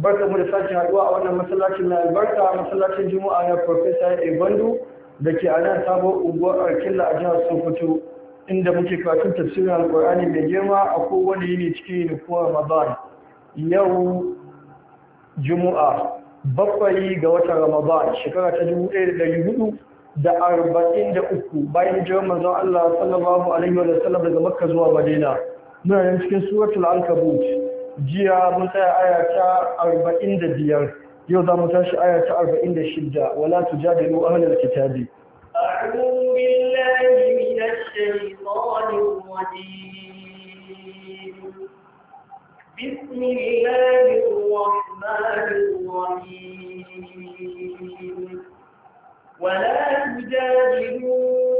barka mu da sake haduwa a wannan masallacin na albarka masallacin juma'a na professor ebandu da ke a nan sabon unguwar arkilla a jihar sokoto inda muke karatun tafsirin alkur'ani mai girma a kowane yini cikin yunikuwar ramadan yau juma'a bakwai ga watan ramadan shekara ta dubu ɗaya da ɗari hudu da arba'in da uku bayan jiran manzon allah sallallahu alaihi wa sallam daga makka zuwa madina muna cikin suratul alkabut jiya mun tsaya ayata arba'in da biyar yau za mu tashi ayata arba'in da shidda wala tu ja biyu a hannun kitabi بسم الله الرحمن الرحيم ولا تجادلوا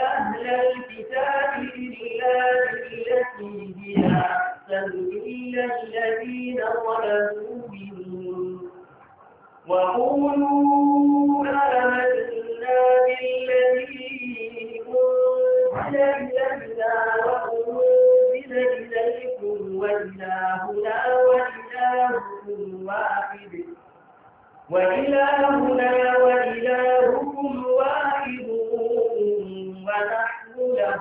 أهل الكتاب إلا بالتي هي أحسن إلا الذين ظلموا منهم وقولوا آمنا بالذي أنزل إلينا وأنزل إليكم وإلهنا وإلهكم واحد وإلهنا وإلهكم واحد ونحن له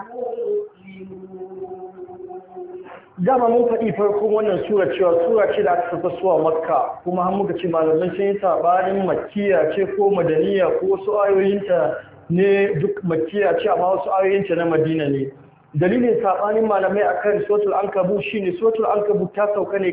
dama mun faɗi farkon wannan sura cewa sura ce da aka sauka suwa makka kuma har muka ce malamin sun yi saɓanin makkiya ce ko madaniya ko wasu ayoyinta ne duk makkiya ce amma wasu ayoyinta na madina ne dalilin saɓanin malamai akan suratul ankabu shine suratul ankabu ta sauka ne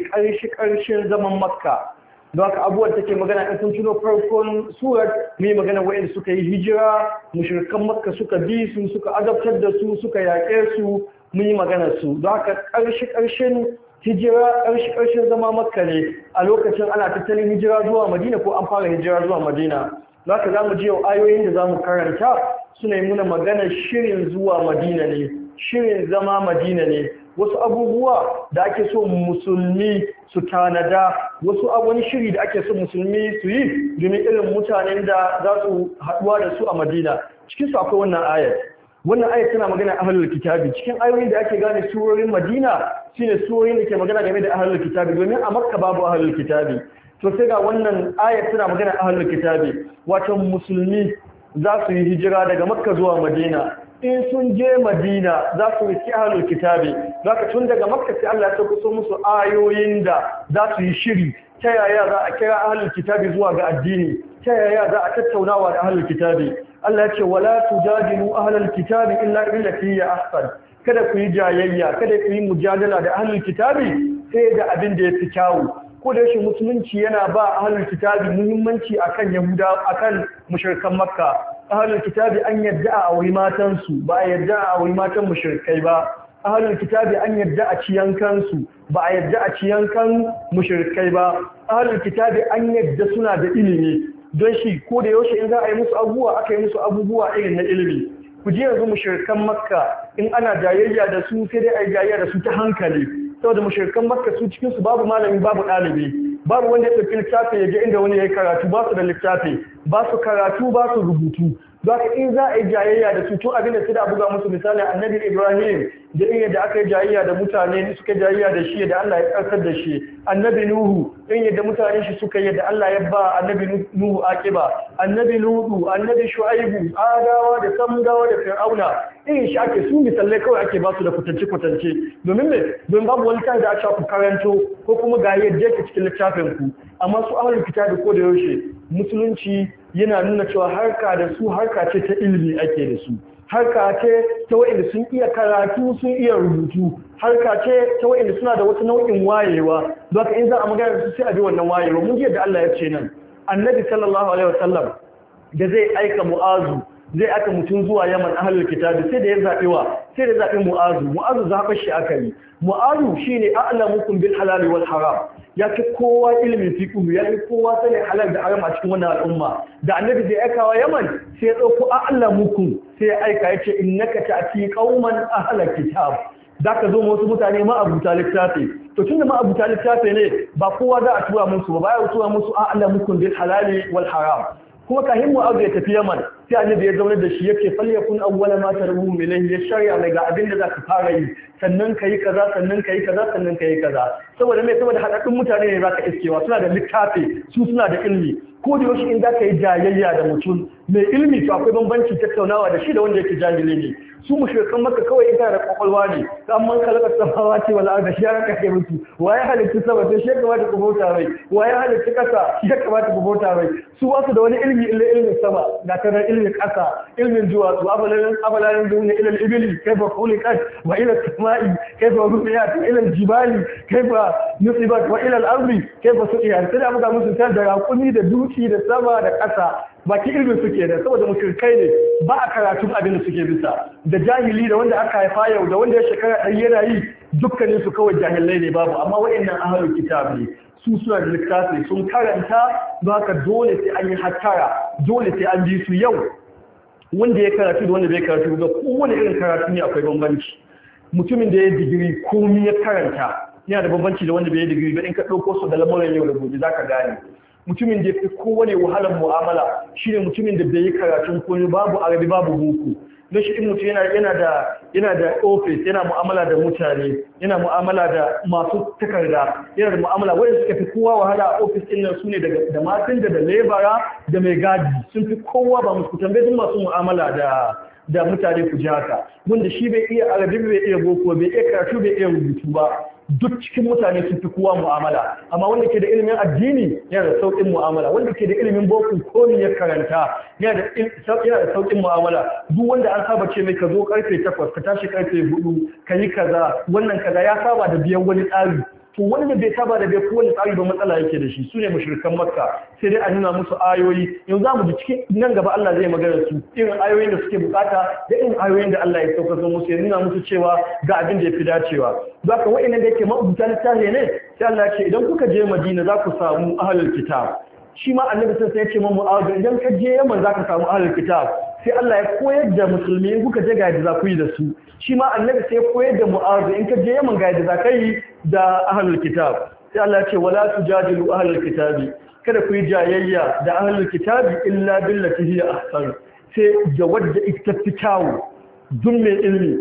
ƙarshen zaman makka don haka abubuwan take magana in sun tuno farkon surat mu yi magana wa'in suka yi hijira mushrikan makka suka bi su suka azabtar da su suka yaƙe su mun yi magana su don haka ƙarshe ƙarshen hijira ƙarshe ƙarshen zama makka ne a lokacin ana tattalin hijira zuwa madina ko an fara hijira zuwa madina don haka za mu ji yau ayoyin da za mu karanta suna yi muna magana shirin zuwa madina ne shirin zama madina ne wasu abubuwa da ake so musulmi su tanada wasu abubuwan shiri da ake so musulmi su yi domin irin mutanen da za su haɗuwa da su a madina cikin su akwai wannan ayat wannan ayat tana magana ahlul kitabi cikin ayoyin da ake gane surorin madina shine surorin da ke magana game da ahlul kitabi domin a makka babu ahlul kitabi to sai ga wannan ayat tana magana ahlul kitabi wato musulmi za su yi hijira daga makka zuwa madina in sun je madina za su riski halin kitabi za ka tun daga makka sai Allah ya sauko musu ayoyin da za su yi shiri ta yaya za a kira halin kitabi zuwa ga addini ta yaya za a tattaunawa da halin kitabi Allah ya ce wala tujadilu halin kitabi illa billati hiya ahsan kada ku yi jayayya kada ku yi mujadala da halin kitabi sai da abin da yafi kyawu ko da yake musulunci yana ba ahlul kitabi muhimmanci akan yahuda akan mushrikan makka ahlul kitabi an yadda a auri matan ba a yadda a auri matan mushrikai ba ahlul kitabi an yadda a yankan su ba a yadda a yankan mushrikai ba ahlul kitabi an yadda suna da ilimi don shi ko da yaushe in za a yi musu abubuwa aka yi musu abubuwa irin na ilimi ku ji yanzu mushrikan makka in ana jayayya da su sai dai a yi jayayya da su ta hankali saboda mashirkan makka su cikin su babu malami babu ɗalibi babu wanda ya tafi littafi ya je inda wani ya yi karatu ba su da littafi ba su karatu ba su rubutu don in za a yi jayayya da su tun abin da su da buga musu misali annabi Ibrahim da in da aka yi jayayya da mutane suka jayayya da shi da Allah ya karkar da shi annabi Nuhu in da mutane shi suka yi da Allah ya ba annabi Nuhu akiba annabi Nuhu, annabi Shu'aibu Adawa da Samgawa da Fir'auna in shi ake su misalai kawai ake ba su da kwatance kwatance domin me don babu wani kan da aka ku karanto ko kuma ga yadda yake cikin littafin ku amma su ahlul kitabi ko da yaushe musulunci yana nuna cewa harka da su harka ce ta ilimi ake da su harka ce ta wa'inda sun iya karatu sun iya rubutu harka ce ta wa'inda suna da wata nau'in wayewa don ka in za a magana su sai a bi wannan wayewa mun da Allah ya ce nan annabi sallallahu alaihi wasallam da zai aika mu'azu zai aka mutum zuwa yaman ahalar kitabi sai da ya zaɓi wa sai da zaɓi mu'azu mu'azu zaɓar shi aka yi mu'azu shi ne a'lamukum bin halal wal haram ya fi kowa ilimin fiƙu ya fi kowa sani halal da haram a cikin wannan al'umma da annabi da ya aikawa yaman sai ya ɗauko muku sai ya aika ya ce in naka ta fi kauman ahalar kitab za ka zo wasu mutane ma ma'abuta littafi to tun da ma tunda ma'abuta littafi ne ba kowa za a tura musu ba Ba ya tura musu a ala mukun bin halal wal haram kuma kahin mu'azu ya tafi yaman sai annabi ya zaune da shi yake kun awwala ma tarhum ilayhi ya shari'a mai ga abin da za ka fara yi sannan kai kaza sannan kai kaza sannan kai kaza saboda mai saboda hadadin mutane ne ka iskewa suna da littafi su suna da ilmi ko da yaushe in za ka yi jayayya da mutum mai ilmi to akwai bambancin tattaunawa da shi da wanda yake jahili ne su mushrikan maka kawai in da kwakwalwa ne ta amman kalaka samawa ce wala da shi ya kake mutu waye halitta sama to shi ya kamata ku bauta mai waye halitta kasa shi ya kamata ku bauta mai su wasu da wani ilmi illa ilmin sama da kana ilmin kasa ilimin zuwa. abalan abalan duniya ila ibili kaifa khuliqat wa ila samai kaifa rufiat wa ila jibali kaifa nusibat wa ila al-ardi kaifa suqiyat sai da muka musu da kuni da duk hukunci da sama da ƙasa ki irin suke da saboda kai ne ba a karatun abin da suke bisa da jahili da wanda aka haifa yau da wanda ya shekara ɗari yana yi dukkanin kawai jahilai ne babu amma wa'annan ahlul kitabu ne su suna da littafi sun karanta ba ka dole sai an yi hattara dole sai an bi su yau wanda ya karatu da wanda bai karatu ga kowane irin karatu ne akwai bambanci mutumin da ya yi digiri komi ya karanta yana da bambanci da wanda bai yi digiri ba in ka ɗauko su da lamuran yau da gobe za ka gane mutumin da ya fi kowane wahalar mu'amala shine mutumin da bai yi karatun koyo babu arabi babu boko don shi mutum yana da ofis yana mu'amala da mutane yana mu'amala da masu takarda yana da mu'amala wadda suka fi kowa wahala a ofis din nan sune da matan da da lebara da mai gadi sun fi kowa ba mu tambaye sun masu mu'amala da da mutane ku ji haka wanda shi bai iya arabi bai iya boko bai iya karatu bai iya rubutu ba duk cikin mutane sun fi kowa mu'amala amma wanda ke da ilimin addini yana da sauƙin mu'amala wanda ke da ilimin boko ko ya karanta yana da sauƙin mu'amala duk wanda an saba ce mai ka zo karfe takwas ka tashi karfe 4 ka yi kaza wannan kaza ya saba da biyan wani tsari to da bai saba da bai kowane tsari ba matsala yake da shi sune mushrikan makka sai dai a nuna musu ayoyi in za mu ji cikin nan gaba Allah zai magana su irin ayoyin da suke bukata da irin ayoyin da Allah ya sauka sun musu ya nuna musu cewa ga abin da ya fi dacewa za ka wa'ina da yake mabuta littafi ne sai Allah ya ce idan kuka je Madina za ku samu ahlul kitab shi ma annabi sai ya ce a mu'awiya idan ka je Yaman za ka samu ahalar kitab sai Allah ya koyar da musulmi in kuka je gaji za ku yi da su shi ma annabi sai ya koyar da mu'azu in ka je yaman gaji za ka yi da ahlul kitab sai Allah ya ce wala tujadilu ahlul kitabi kada ku yi jayayya da ahlul kitabi illa billati hiya ahsan sai da wadda ita fi kyawu dun mai ilmi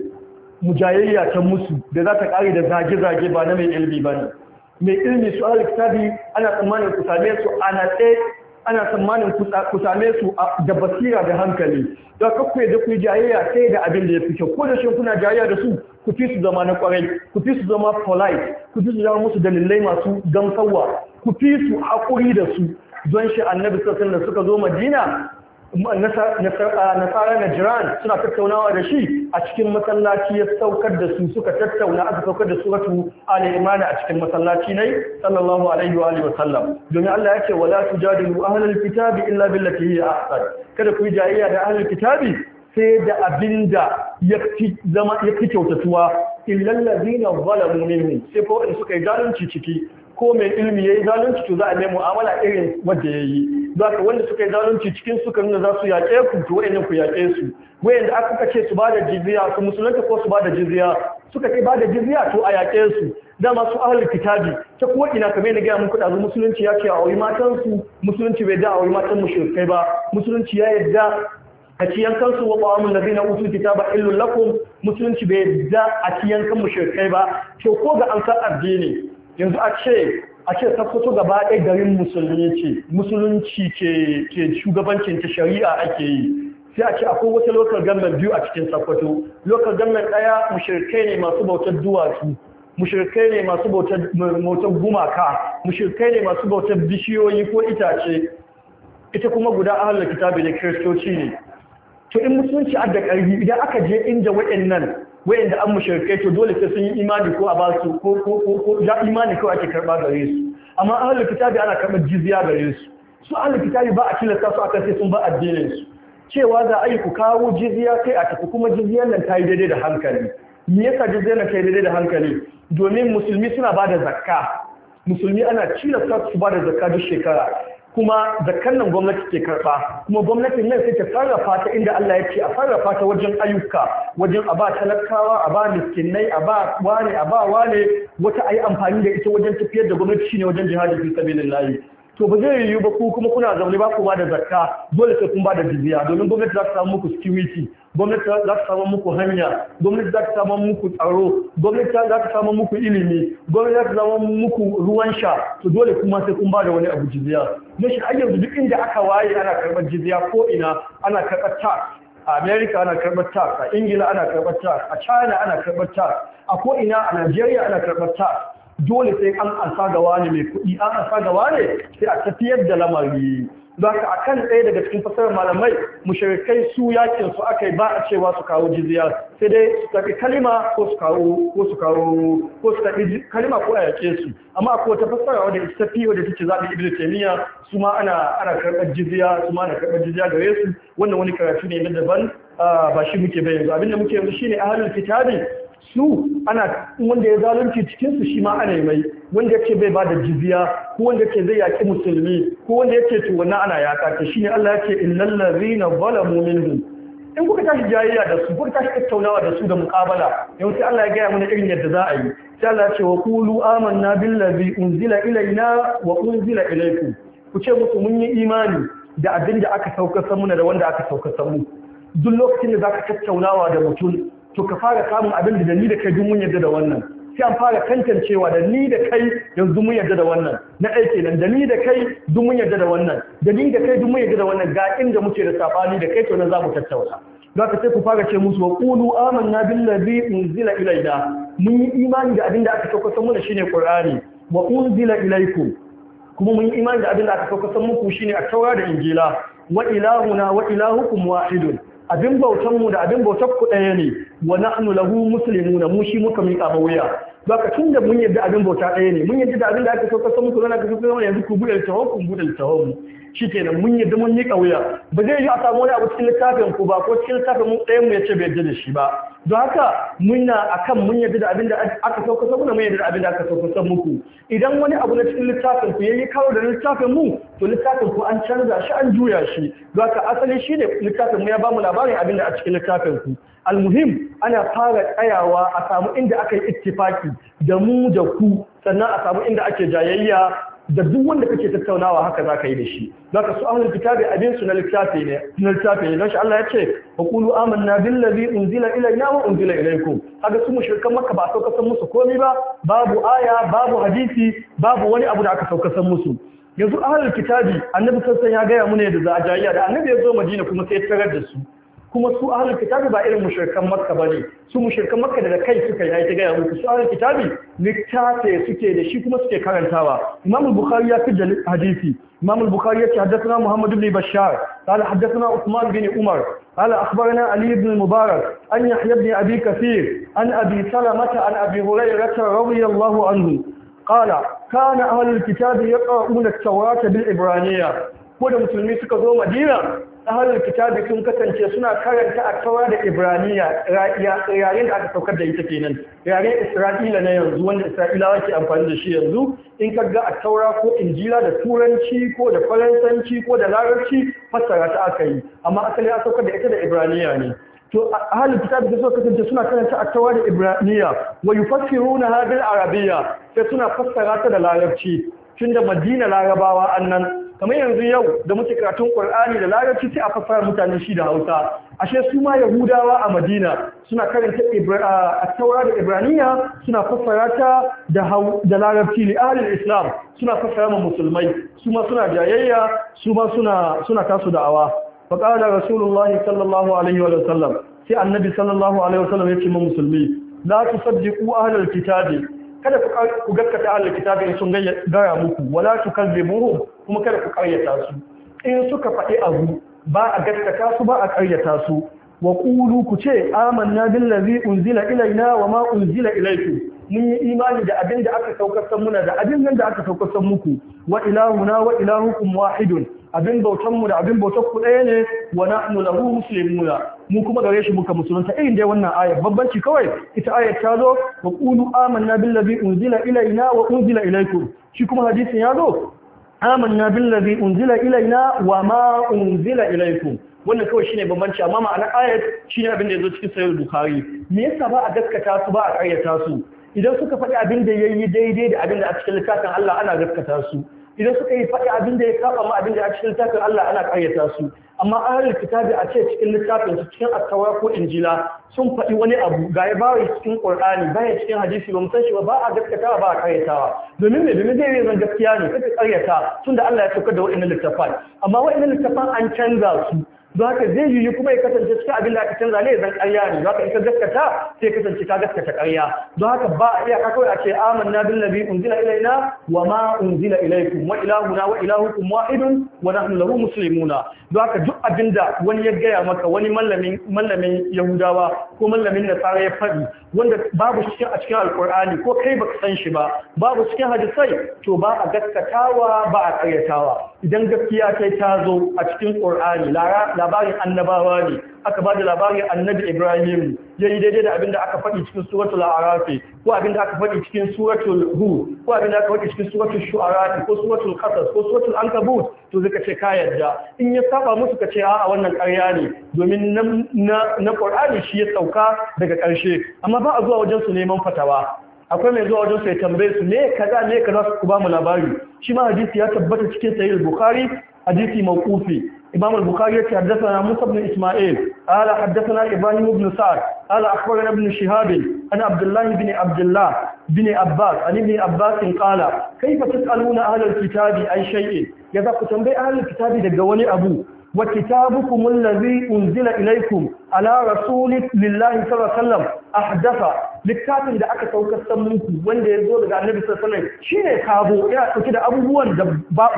mu jayayya ta musu da za ta kare da zage-zage ba na mai ilmi ba ne mai ilmi su ahlul kitabi ana tsammanin ku same su ana tsaye ana tsammanin ku same su da basira da hankali da kakwai da ku jayayya sai da abin da ya fi kyau ko da shi kuna jayayya da su ku fi su zama na kwarai ku fi su zama polite ku fi su zama musu dalilai masu gamsarwa ku fi su haƙuri da su don shi annabi sassan da suka zo madina nasara jiran suna tattaunawa da shi a cikin masallaci ya saukar da su suka tattauna aka saukar da suratu ali imran a cikin masallaci ne sallallahu alaihi wa alihi wasallam domin Allah yake wala tujadilu ahlal kitabi illa billati hiya ahsan kada ku yi da ahlul kitabi sai da abinda ya zama ya fi kyautatuwa illal ladina zalamu minhum sai ko in suka yi zalunci ciki ko mai ilimi ya yi zalunci to za a nemo amala irin wanda ya yi za ka wanda suka yi zalunci cikin suka nuna za su yaƙe ku to wa'annan ku yaƙe su wayan da aka ce su bada jizya su musulunta ko su bada jizya suka kai bada jizya to a yaƙe su dama su ahli kitabi ta ko ina kamar na gaya muku da musulunci ya ce a wai matan su musulunci bai da a wai matan mushrikai ba musulunci ya yadda a ciyan kansu wa ƙawamun da zina usul kitaba illun lakum musulunci bai da a ciyan kan mushrikai ba to ko ga an san addini yanzu a ce a ce fito gaba ɗaya garin musulmi ce musulunci ke shugabancin ta shari'a ake yi sai a ce akwai wata lokal gannan biyu a cikin sakkwato lokal gannan ɗaya mushirkai ne masu bautar duwatsu mushirkai ne masu bautar gumaka mushirkai ne masu bautar bishiyoyi ko itace ita kuma guda ahalar kitabi da kiristoci ne to in musulunci adda ƙarfi idan aka je inda waɗannan da an mushrikai to dole sai sun yi imani ko a ba su ko ko ko ko imani kawai ake karba gare su amma ahlul kitabi ana karbar jizya gare su su ahlul kitabi ba a tilasta su akan sai sun ba addinin su cewa za a yi ku kawo jizya kai a tafi kuma jizyar nan ta yi daidai da hankali me yasa jizyar nan ta yi daidai da hankali domin musulmi suna ba da zakka musulmi ana tilasta su ba da zakka duk shekara kuma da kannan gwamnati ke karɓa kuma gwamnatin nan sai ta sarrafa ta inda Allah ya ce a sarrafa ta wajen ayyuka wajen a ba talakawa a ba miskinai a ba wane a ba wane wata ayi amfani da ita wajen tafiyar da gwamnati shine wajen jihadi fi sabilillahi to ba zai yiwu ba ku kuma kuna zaune ba ku ba da zakka dole sai kun ba da jizya domin gwamnati za ta samu muku security gwamnati za ta samu muku hanya gwamnati za ta samu muku tsaro gwamnati za ta samu muku ilimi gwamnati za ta samu muku ruwan sha to dole kuma sai kun ba da wani abu jizya don shi har yanzu duk inda aka waye ana karɓar jizya ko ina ana karɓar tax a america ana karɓar tax a ingila ana karɓar tax a china ana karɓar tax a ko ina a nigeria ana karɓar tax dole sai an ansa gawa ne mai kuɗi an ansa gawa ne sai a tafiyar da lamari don haka kan ɗaya daga cikin fasarar malamai mushirikai su yakin su aka yi ba a cewa su kawo jiziya, sai dai su taɓi kalima ko su kawo ko su kawo ko su taɓi kalima ko a yake su amma akwai wata fasara wadda ita fi wadda take zaɓi ibnu taymiya su ma ana ana karɓar jiziya su ma ana karɓar jiziya gare su wannan wani karatu ne na daban ah, ba shi muke bayyana abinda muke yanzu shine halin kitabi su ana wanda ya zalunci cikin su shi ma ana mai wanda yake bai bada jizya ko wanda yake zai yaki musulmi ko wanda yake to wannan ana yaka ta shine Allah yake innal ladhina zalamu minhum in kuka tashi jayayya da su kuka tashi tattaunawa da su da muqabala yau sai Allah ya ga mana irin yadda za a yi sai Allah ya ce wa qulu amanna billazi unzila ilaina wa unzila ilaykum ku ce musu mun yi imani da abin da aka saukar muna da wanda aka saukar mu duk lokacin da zaka tattaunawa da mutum to ka fara samun abin da ni da kai mun yadda da wannan sai an fara tantancewa da ni da kai yanzu mun yadda da wannan na aiki nan da ni da kai dun mun yadda da wannan da ni da kai dun mun yadda da wannan ga inda muke da sabani da kai to nan za mu tattauna za ka sai ku fara ce musu wa qulu amanna billazi unzila ilayna mun yi imani da abin da aka saukar mana shine qur'ani wa unzila ilaykum kuma mun yi imani da abin da aka san muku shine a taura da injila wa ilahuna wa ilahukum wahidun abin bautan mu da abin bautar ku ɗaya ne wa nahnu lahu muslimuna mu shi muka mika ba wuya baka tun da mun yadda abin bauta ɗaya ne mun yadda da abin da aka sauka sun so muku zana ka so yanzu ku buɗe littafin ku buɗe littafin mu shi kenan mun yadda mun miƙa wuya ba zai yi a samu wani abu cikin littafin ku ba ko cikin littafin mu ɗayan mu ya ce bai da shi ba don haka muna akan mun yadda da abin da aka sauka sabuna mun yadda da abin da aka sauka san muku idan wani abu na cikin littafin ku yi karo da littafin mu to littafin ku an canza shi an juya shi don haka asali shine littafin mu ya bamu labarin abin da a cikin littafin ku almuhim ana fara tsayawa a samu inda aka yi ittifaki da mu da ku sannan a samu inda ake jayayya da duk wanda kake tattaunawa haka zaka yi da shi zaka su ahlul kitabi abin su na littafi ne na littafi ne don shi Allah ya ce wa qulu amanna billazi unzila ilayna wa unzila ilaykum haka su mushrikan makka ba sauka san musu komai ba babu aya babu hadisi babu wani abu da aka sauka san musu yanzu ahlul kitabi annabi sassan ya gaya mu ne da jayya da annabi ya zo madina kuma sai ya tarar da su kuma su ahlul kitabi ba irin mushrikan makka bane su mushrikan makka daga kai suka yi ta gaya muku su ahlul kitabi littafi suke da shi kuma suke karantawa imam bukhari ya fi da hadisi imam bukhari ya ce haddathana muhammad ibn bashar qala haddathana usman bin umar قال أخبرنا علي بن المبارك أن يحيى بن أبي an abi أبي an abi أبي هريرة anhu الله kana قال kitabi أهل الكتاب يقرؤون bil بالإبرانية ko da musulmi suka zo madina ahalul kitabi sun kasance suna karanta a tawar da ibraniya yayin da aka saukar da ita kenan yaren isra'ila na yanzu wanda isra'ilawa ke amfani da shi yanzu in ka ga a taura ko injila da turanci ko da faransanci ko da larabci fassara ta aka yi amma asali a saukar da ita da ibraniya ne to ahalul kitabi da suka kasance suna karanta a tawar da ibraniya wa yufassiruna hadil arabiyya sai suna fassara ta da larabci tunda madina larabawa annan kamar yanzu yau da muke karatun Qur'ani da larabci sai a fassara mutane shi da Hausa ashe su ma Yahudawa a Madina suna karanta at-Taura da Ibraniya suna fassara ta da da larabci li ahli islam suna fassara ma musulmai su ma suna jayayya su ma suna suna da'awa fa qala rasulullahi sallallahu alaihi wa sallam sai annabi sallallahu alaihi wa sallam yake mu musulmi la tusaddiqu ahlal kitabi kada ku gaskata Allah kitabi sun gaya muku wala tukazzibuhum kuma kada ku karyata su in suka faɗi abu ba a gaskata su ba a karyata su wa qulu ku ce amanna billazi unzila ilaina wa ma unzila mun yi imani da abin da aka saukar san muna da abin da aka saukar san muku wa ilahuna wa ilahukum wahidun abin bautan mu da abin bautar ku ɗaya ne wa na lahu musulmi mu kuma gare shi muka musulunta irin dai wannan aya babbanci kawai ita ayar ta zo wa bin amanna billazi unzila ilaina wa unzila ilaikum shi kuma hadisin ya zo amanna billazi unzila ilaina wa ma unzila ilaikum wannan kawai shine bambanci amma ma'anar shi shine abin da zo cikin sahih bukhari me yasa ba a gaskata su ba a ƙaryata su idan suka faɗi abin da yayi daidai da abin da a cikin littafin Allah ana gaskata su idan suka yi faɗi abin da ya kafa ma abin da ya cikin littafin Allah ana ƙayyata su amma ahlul kitabi a ce cikin littafin su cikin attawa ko injila sun faɗi wani abu ga ya bawa cikin qur'ani ya cikin hadisi ba musan shi ba a gaskatawa ba a ƙaryatawa domin me domin zai yi zan gaskiya ne kake tun tunda Allah ya saukar da waɗannan littafan amma waɗannan littafan an canza su don haka zai yiwu kuma ya kasance cikin abin da aka canza ne zan ƙarya ne don ita gaskata sai kasance ka gaskata ƙarya don haka ba a iya kawai a ce amanna bin nabi unzila ilaina wa ma unzila ilaikum wa ilahuna wa ilahukum wahidun wa nahnu lahu muslimuna don haka duk abin da wani ya gaya maka wani mallamin mallamin yahudawa ko mallamin nasara ya faɗi wanda babu cikin a cikin alkur'ani ko kai baka san shi ba babu cikin hadisai to ba a gaskatawa ba a ƙaryatawa idan gaskiya kai ta zo a cikin qur'ani lara labarin annabawa ne aka ba da labarin annabi ibrahim ya yi daidai da abinda aka faɗi cikin suratul arafi ko abin aka faɗi cikin suratul hu ko abin aka faɗi cikin suratul shu'arati ko suratul qasas ko suratul ankabut to zai ce ka yadda in ya saba musu ka ce a wannan ƙarya ne domin na na qur'ani shi ya sauka daga ƙarshe amma ba a zuwa wajen su neman fatawa akwai mai zuwa wajen su ya tambaye su ne kaza ne kaza ku ba mu labari shi ma hadisi ya tabbata cikin sahih bukhari hadisi mawqufi إمام البخاري حدثنا موسى بن إسماعيل قال حدثنا إبراهيم بن سعد قال أخبرنا ابن شهاب عن عبد الله بن عبد الله بن عباس عن ابن عباس قال كيف تسألون أهل الكتاب أي شيء يذا كتنبي أهل الكتاب دقوني أبو وكتابكم الذي أنزل إليكم على رسول الله صلى الله عليه وسلم أحدث littafin da aka saukar san muku wanda ya zo daga annabi sallallahu shine kabo ya dauki da abubuwan da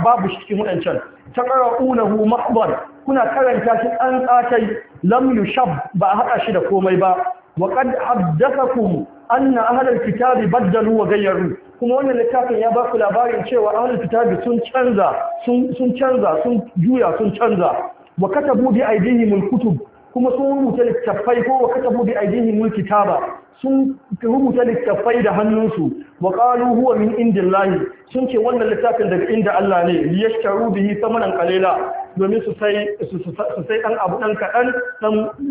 babu shi cikin wadancan taqra'unahu mahdar kuna karanta shi an tsatai lam yushab ba haɗa shi da komai ba wa qad haddathakum anna ahlul kitabi baddalu wa ghayyaru kuma wannan littafin ya ba ku labarin cewa ahlul kitabi sun canza sun sun canza sun juya sun canza wa katabu bi aydihim alkutub kuma sun rubuta littafai ko wa katabu bi aydihim alkitaba sun rubuta littafai da hannunsu wa qalu huwa min indillahi sun ce wannan littafin daga inda Allah ne liyashtaru bihi samanan qalila domin su sai ɗan abu ɗan kaɗan,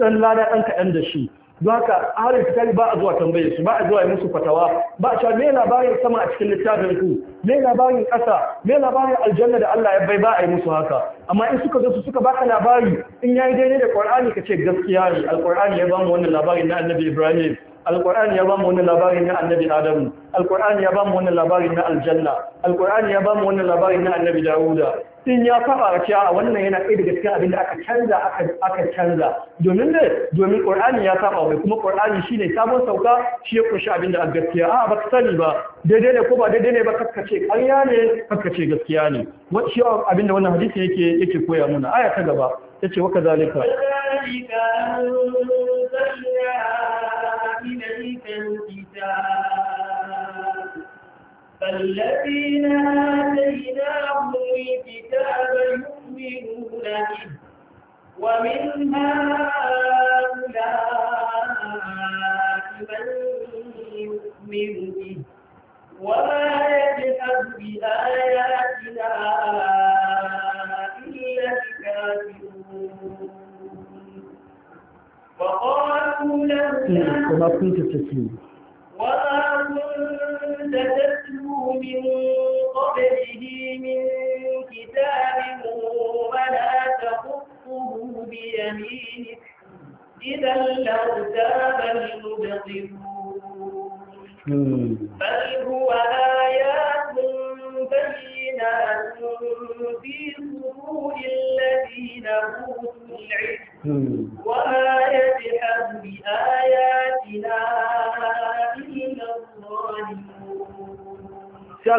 ɗan lada ɗan kaɗan da shi don haka ahalin fitari ba a zuwa tambaye su ba a zuwa musu fatawa ba a me labarin sama a cikin littafin ku me labarin ƙasa me labarin aljanna da Allah ya bai ba a yi musu haka amma in suka zo su suka baka labari in yayi daidai da Qur'ani kace gaskiya ne alqur'ani ya bamu wannan labarin na Annabi Ibrahim alkur'ani ya bamu wani labari na annabi adamu alkur'ani ya bamu wani labari na aljanna alkur'ani ya bamu wani labari na annabi dawuda in ya fara cewa wannan yana ɗaya daga cikin abin da aka canza aka canza domin da domin qur'ani ya saba mai kuma qur'ani shine sabon sauka shi ya kunshi abin da a gaskiya ba baka sani ba daidai ne ko ba daidai ne ba kakkace ƙarya ne ce gaskiya ne wacce yawan abin da wannan hadisi yake yake koya mana aya ta gaba yace waka zalika الكتاب فالذين آتيناهم الكتاب يؤمنون به ومن هؤلاء من يؤمن به وما يجحد بآياتنا إلا الكافرون وقالوا لولا وما كنت تتلو وما كنت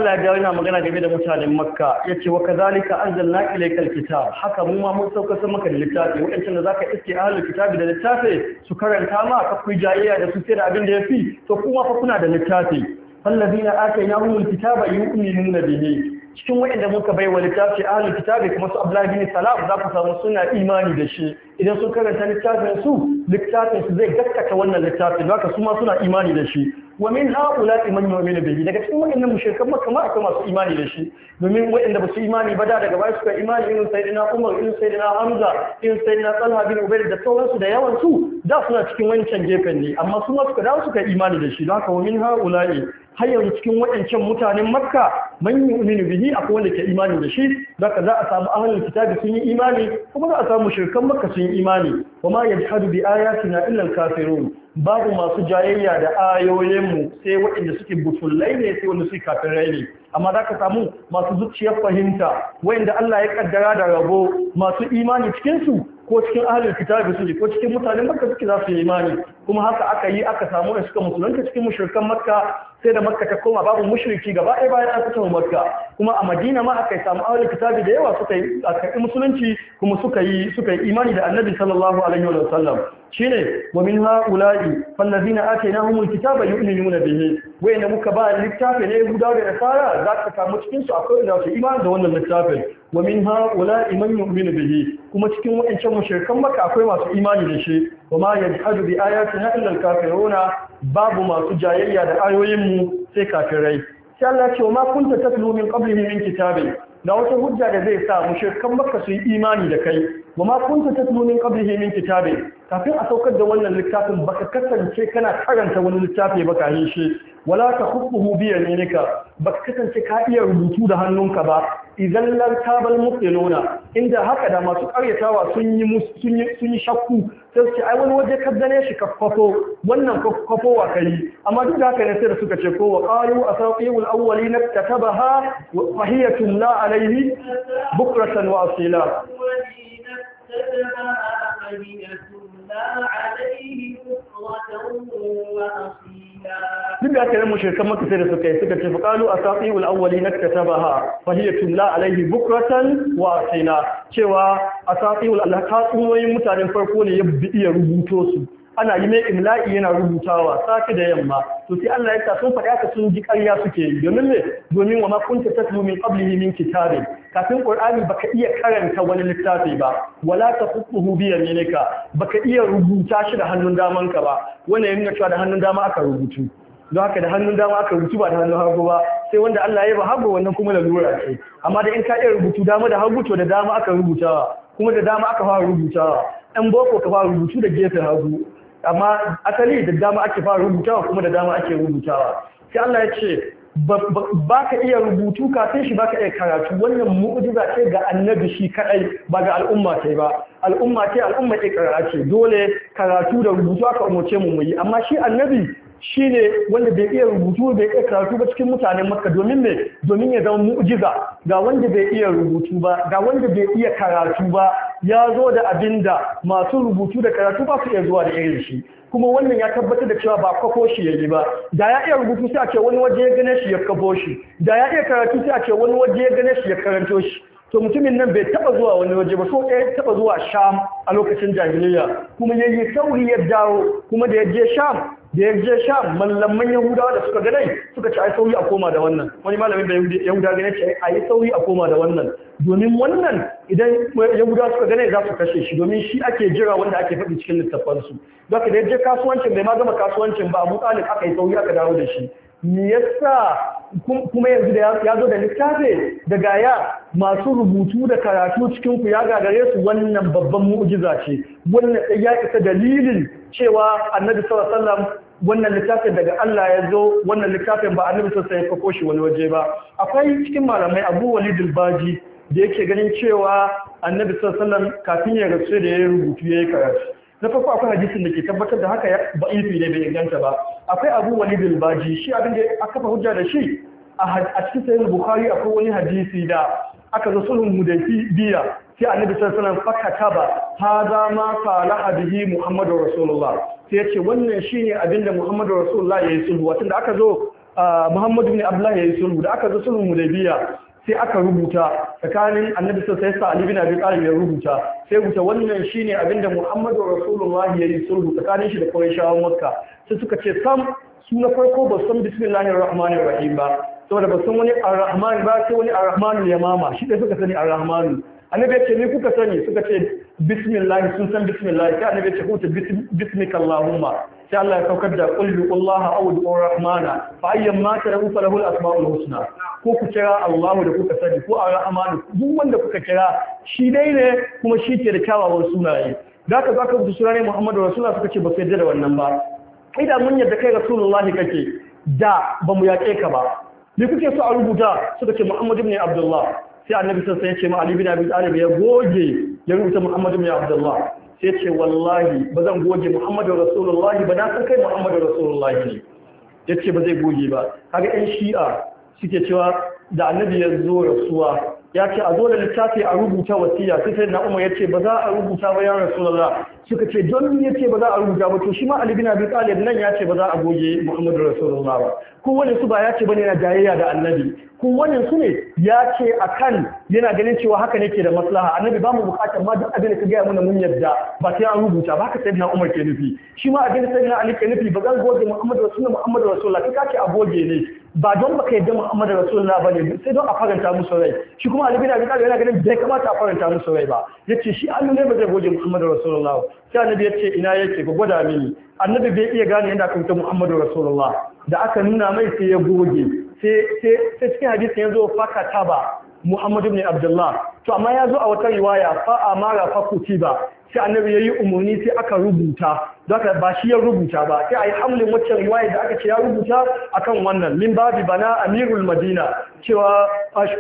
Allah ya yana magana game da mutanen Makka yace wa kadhalika anzalna ilaykal kitab haka mu ma mun saukar maka da littafi wadancan da zaka iske ahlul kitabi da littafi su karanta ma ka kuyi jayayya da su sai da abin da yafi to kuma fa kuna da littafi allazina atainahumul kitaba yu'minuna bihi cikin waɗanda muka bai wa littafi ahalin kitabi kuma su abdullahi bin salam za ku samu suna imani da shi idan sun karanta littafin su littafin su zai gaskata wannan littafin haka su ma suna imani da shi wa min haula man yu'minu bihi daga cikin wannan mushrikan makka ma aka masu imani da shi domin waɗanda ba su imani ba da daga baya suka imani irin dina Umar irin dina Hamza irin dina tsalha bin Ubayd da sauransu da yawan su da suna cikin wancan gefen ne amma su ma suka dawo suka imani da shi don haka wa min ha'ula'i har yanzu cikin waɗancan mutanen makka man yu'minu bihi akwai wanda ke imani da shi zaka za a samu ahlul kitabi sun yi imani kuma za a samu shirkan makka sun yi imani wa ma yajhadu bi ayati na al-kafirun babu masu jayayya da ayoyin sai waɗanda suke butullai ne sai wanda suke kafirai ne amma za ka samu masu zuciyar fahimta wayanda Allah ya kaddara da rabo masu imani cikinsu ko cikin ahalin da su ko cikin mutane makka suke za su yi imani kuma haka aka yi aka samu da suka musulunta cikin mushrikan makka sai da makka ta koma babu mushriki gaba ɗaya bayan aka fita makka kuma a madina ma aka samu aure kitabi da yawa suka yi aka musulunci kuma suka yi suka yi imani da annabi sallallahu alaihi wa sallam shine wa min haula'i fallazina atainahumul kitaba yu'minuna bihi wayanda muka ba littafi ne guda da nasara za ka samu cikin su akwai da su imani da wannan littafin wa min haula'i man yu'minu bihi kuma cikin wa'ancan mushrikan makka akwai masu imani da shi kuma ya jihadu bi ayatina na al-kafiruna babu masu jayayya da ayoyin sai kafirai sai Allah ce ma ta tatlu min ƙabli min kitabin da wata hujja da zai sa mu mushrikan maka su yi imani da kai wa ma ta tatlu min ƙabli min kitabin kafin a saukar da wannan littafin ka kasance kana karanta wani littafi ba ka shi wala ta khuffuhu bi yaminika baka kasance ka iya rubutu da hannunka ba idan lan tabal mutiluna inda haka da masu karyatawa sun yi sun yi shakku sai ce ai wani waje ka shi ka kwafo wannan kwafo wa kai amma duk da haka ne sai da suka ce ko wa qalu asaqiul awwalina katabaha fa hiya tumla alayhi bukratan wa asila عليه بكرة وأصيلا duk da kare mushrikan maka sai da suka yi suka ce faqalu asaqiul awwalin katabaha fa hiya tumla alaihi bukratan wa asina cewa asaqiul alhaqatumoyin mutanen farko ne ya bidiya rubuto su ana yi mai imla'i yana rubutawa safi da yamma to sai Allah ya sa sun faɗa ka sun ji ƙarya suke yi domin domin wa ma kunta tatlu min qablihi min kitabi kafin qur'ani baka iya karanta wani littafi ba wala taqutuhu bi yaminika baka iya rubuta shi da hannun daman ka ba wannan yana cewa da hannun dama aka rubutu don haka da hannun dama aka rubutu ba da hannun hagu ba sai wanda Allah ya ba hagu wannan kuma lura ce amma da in ka iya rubutu dama da hagu to da dama aka rubuta kuma da dama aka fara rubutawa Yan boko ka fara rubutu da gefen hagu amma asali da dama ake fara rubutawa kuma da dama ake rubutawa sai Allah ya ce ba ka iya rubutu kafin shi ba ka iya karatu wannan mu'ujiza ce ga annabi shi kadai ba ga al'umma ce ba al'umma ce al'umma ce karatu dole karatu da rubutu aka umarce mu mu yi amma shi annabi shi ne wanda bai iya rubutu bai iya karatu ba cikin mutanen makka domin me domin ya zama mu'ujiza ga wanda bai iya rubutu ba ga wanda bai iya karatu ba ya zo da abinda masu rubutu da karatu ba su iya zuwa da irin shi kuma wannan ya tabbatar da cewa ba kafo shi yayi ba da ya iya rubutu sai a ce wani waje ya gane shi ya kafo shi da ya iya karatu sai a ce wani waje ya gane shi ya karanto shi to mutumin nan bai taba zuwa wani waje ba so ɗaya taba zuwa sham a lokacin jahiliya kuma yayi sauri ya dawo kuma da ya je sham da ya je sha mallaman yahudawa da suka ganai suka ce ayi sauyi a koma da wannan wani malamin da yahudawa gane ce yi sauyi a koma da wannan domin wannan idan yahudawa suka ganai za su kashe shi domin shi ake jira wanda ake faɗi cikin littafansu. su da ya je kasuwancin bai ma gama kasuwancin ba abu talib aka yi sauyi aka dawo da shi me yasa kuma yanzu da ya zo da littafi daga ya masu rubutu da karatu cikin ku ya gagare su wannan babban mu'jiza ce wannan ya isa dalilin cewa annabi sallallahu alaihi wasallam wannan littafin daga Allah ya zo wannan littafin ba annabi sallallahu alaihi wasallam ya wani waje ba akwai cikin malamai Abu Walid baji da yake ganin cewa annabi sallallahu alaihi wasallam kafin ya rasu da ya rubutu ya yi karatu na farko akwai hadisin da ke tabbatar da haka ya ba'ifi ne bai inganta ba akwai abu wani bilbaji shi abin da aka kafa hujja da shi a cikin sayin bukhari akwai wani hadisi da aka zo sulhun mudafi biya sai annabi sallallahu alaihi wasallam fakata ba za ma qala abihi muhammadu rasulullah sai ya ce wannan shine abin da muhammadu rasulullah yi sulhu da aka zo ah, Muhammadu bin Abdullah yi sulhu da aka zo sulhun biya. sai aka rubuta tsakanin annabi sai sai Ali bin Abi Talib ya rubuta sai wuce wannan shine abinda Muhammadu Rasulullahi ya sulhu tsakanin shi da Qurayshawan Makka sai suka ce sam su na farko ba san bismillahir rahmanir rahim ba saboda ba san wani ar ba sai wani ar ya mama shi dai suka sani ar annabi ya ce ni kuka sani suka ce bismillah sun san bismillah sai annabi ya ce ku ta bismika allahumma sai Allah ya saukar da ƙulli bi qullaha aw bi rahmana fa Mata, ma tarahu falahu al asmaul husna ko ku kira Allah da kuka sani ko a Rahamanu, duk wanda kuka kira shi dai ne kuma shi ke da kyawawan sunaye da ka zaka rubuta sunaye Muhammadu Rasulullah suka ce ba sai da wannan ba idan mun yadda kai Rasulullahi kake da ba mu yaƙe ka ba me kuke so a rubuta suka ce Muhammadu ibn Abdullah sai annabi sai ya ce ma Ali bin Abi Talib ya goge ya rubuta Muhammadu ibn Abdullah sai ce wallahi ba zan goge muhammadu rasulullahi ba na san kai muhammadu rasulullahi ne ya ce ba zai goge ba kaga yan shi'a suke cewa da annabi ya zo rasuwa ya ce a zo da littafi a rubuta wasiya sai sai na umar ya ce ba za a rubuta ba ya rasulullah suka ce don ya ce ba za a rubuta ba to shi ma ali bin abi talib nan ya ce ba za a goge muhammadu rasulullah ba ko wani su ba ya ce ba ne na jayayya da annabi ko wani su ne ya ce akan yana ganin cewa haka ne ke da maslaha annabi ba mu bukatar ma duk abin da ka gaya mana mun yadda ba sai an rubuta ba haka sai na umar ke nufi shi ma abin da sai na ali ke nufi ba zan goge muhammadu rasulullah muhammadu rasulullah kai ka ce a goge ne ba don baka yadda Muhammadu Rasulullah ba ne sai don a faranta musu rai shi kuma Ali bin Abi Talib yana ganin bai kamata a faranta musu rai ba yace shi Allah ne ba zai goge Muhammadu Rasulullah sai Annabi yace ina yake ku gwada mini Annabi bai iya gane yadda aka wuta Muhammadu Rasulullah da aka nuna mai sai ya goge sai sai sai cikin hadisi yanzu fakata ba Muhammadu ibn Abdullah to amma ya zo a wata riwaya fa amara fa ba. sai Annabi yayi umurni sai aka rubuta Daka ba shi ya rubuta ba, sai a yi hamlin wacce riwaya da aka ce ya rubuta akan wannan, min babi bana amirul madina cewa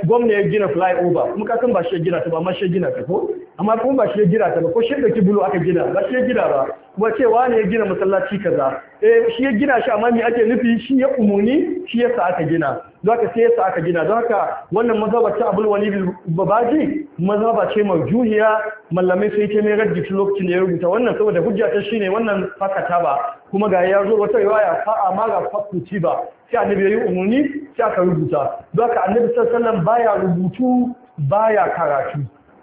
gwamna ya gina flyover, kuma ka san ba shi ya gina ta ba, amma shi ya gina ta ko? Amma kuma ba shi ya gina ta ba, ko shi da kibulu aka gina, ba shi ya gina ba, kuma ce ne ya gina masallaci kaza. Eh shi ya gina shi amma me ake nufi shi ya umuni shi ya sa aka gina. Don haka sai ya sa aka gina, don haka wannan mazhaba ta Abul wani Babaji mazhaba ce mai juhiya? mallamai sai ce mai rajji lokacin da ya rubuta wannan saboda hujja ta shine wannan wannan fakataba kuma ga ya zo wata riwaya fa amma ga fakuci ba sai annabi yayi umuni sai aka rubuta don haka annabi sallallahu baya rubutu baya karatu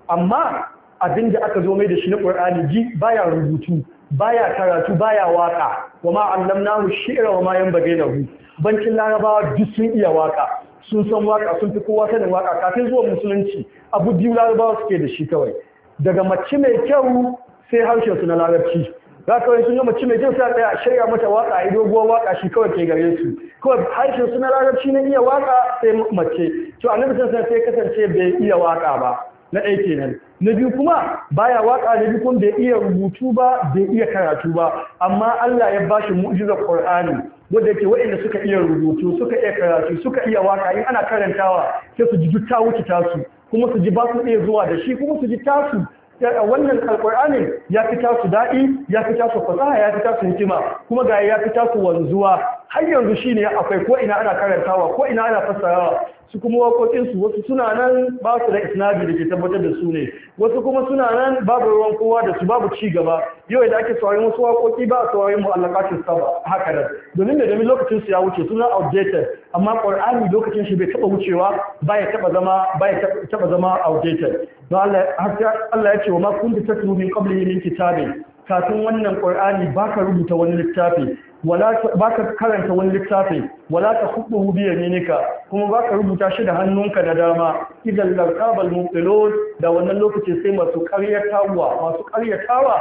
amma abin da aka zo mai da shi na Qur'ani ji baya rubutu baya karatu baya waka wa ma allamnahu shi'ra wa ma yanbaghi lahu bankin larabawa duk sun iya waka sun san waka sun fi kowa sanin waka kafin zuwa musulunci abu biyu larabawa suke da shi kawai daga mace mai kyau sai harshen su na larabci za ka wani sun mace mai jin sa shirya mata waka a ido, guwa waka shi kawai ke gare su kawai harshen sunan na larabci na iya waka sai mace to annabi sun san sai kasance bai iya waka ba na ɗaya kenan na biyu kuma baya waka na biyu kuma bai iya rubutu ba bai iya karatu ba amma Allah ya bashi mu'jizar Qur'ani wanda yake waɗanda suka iya rubutu suka iya karatu suka iya waka in ana karantawa sai su ji ta wuce tasu kuma su ji ba su iya zuwa da shi kuma su ji tasu wannan Alƙur'anin ya fi tasu daɗi ya fi tasu fasaha ya fi tasu hikima kuma ga ya fi tasu wanzuwa har yanzu shine akwai ko ina ana karantawa ko ina ana fassarawa su kuma waƙoƙin su wasu suna nan ba su da isnadi da ke tabbatar da su ne wasu kuma suna nan babu ruwan kowa da su babu ci gaba yau da ake saurin wasu waƙoƙi ba a saurin mu'allaqatin sa haka da domin da domin lokacin su ya wuce suna outdated amma Qur'ani lokacin shi bai taba wucewa ba ya taba zama ba ya taba zama outdated don Allah Allah ya ce wa ma kunta tatlu min qabli min kitabin kafin wannan Qur'ani baka rubuta wani littafi Ba baka karanta wani littafi wala ta hudu bi yaminika kuma baka rubuta shi da hannunka na dama idan larqabal mubtilun da wannan lokacin sai masu ƙaryatawa masu ƙaryatawa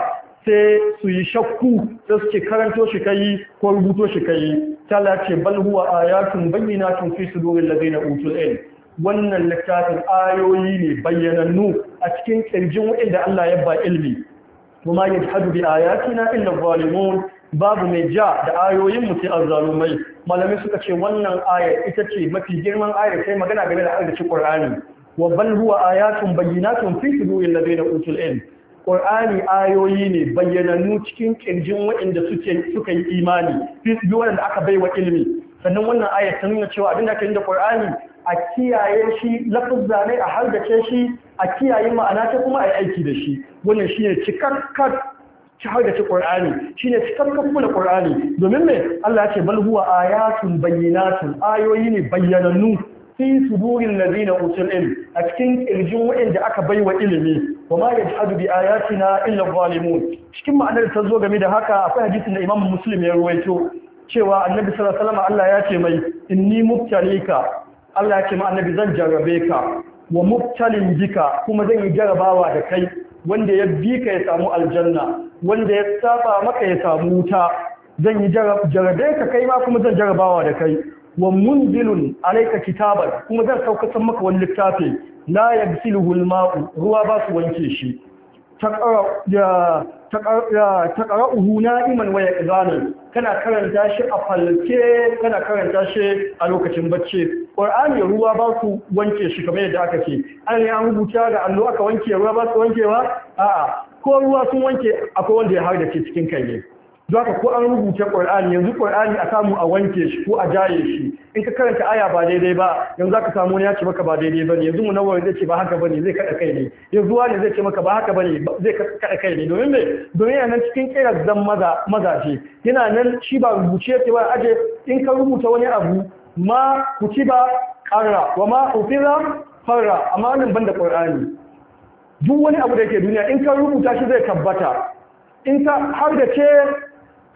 sai su yi shakku da suke karanto shi yi ko rubuto shi yi. tala ce bal huwa ayatun bayyinatun fi suduril ladina utul ilm wannan littafin ayoyi ne bayyanannu a cikin kirjin wa'inda Allah ya ba ilmi kuma yajhadu bi ayatina illa zalimun babu mai ja da ayoyin mutum azzalumai malami suka ce wannan aya ita ce mafi girman aya sai magana game da arzikin qur'ani wa bal huwa ayatun bayyinatun fi sudurin ladina utul in qur'ani ayoyi ne bayyananu cikin ƙirjin waɗanda suka yi imani fi biyu da aka baiwa ilimi sannan wannan aya ta nuna cewa abin abinda yi da qur'ani a kiyaye shi lafin zane a hargace shi a kiyaye ma'ana ta kuma a yi aiki da shi wannan shi ne cikakkar ki hargace Qur'ani shine cikakken mu da domin me Allah ya ce bal huwa ayatun bayyinatun ayoyi ne bayyanannu burin na zina usul ilm a cikin ƙirjin wa'anda aka baiwa ilimi kuma ya jihadu bi ayatina illa zalimun cikin ma'anar ta zo game da haka akwai hadisin da Imam Muslim ya ruwaito cewa Annabi sallallahu alaihi Allah ya ce mai ni mubtalika Allah ya ce ma Annabi zan jarrabe ka wa mubtalin bika kuma zan yi jarrabawa da kai wanda ya bi ka ya samu aljanna wanda ya saba maka ya samu wuta zan yi jarabe ka kai ma kuma zan jarabawa da kai wa munzilun alayka kitabar kuma zan saukar maka wani littafi la yabsiluhu al ruwa ba su wanke shi taqra ta na na'iman waya ƙizanin kana karanta shi a falke kana karanta shi a lokacin bacci ya ruwa ba su wanke shi kamar yadda aka ce an yi an rubuta ga allo aka wanke ruwa ba su wankewa a'a ko ruwa sun wanke akwai wanda ya har da ke cikin kai ne Zaka ko an rubuce Qur'ani yanzu Qur'ani a samu a wanke shi ko a jaye shi in ka karanta aya ba daidai ba yanzu zaka samu wani ya ce maka ba daidai ba ne yanzu mu nawa zai ce ba haka ba ne zai kada kai ne yanzu wani zai ce maka ba haka ba ne zai kada kai ne domin me domin yana nan cikin kirar zan maza mazaje yana nan shi ba rubuce ce ba aje in ka rubuta wani abu ma kutiba ƙara wa ma ufira farra amma nan banda Qur'ani duk wani abu da yake duniya in ka rubuta shi zai tabbata in ka har da ce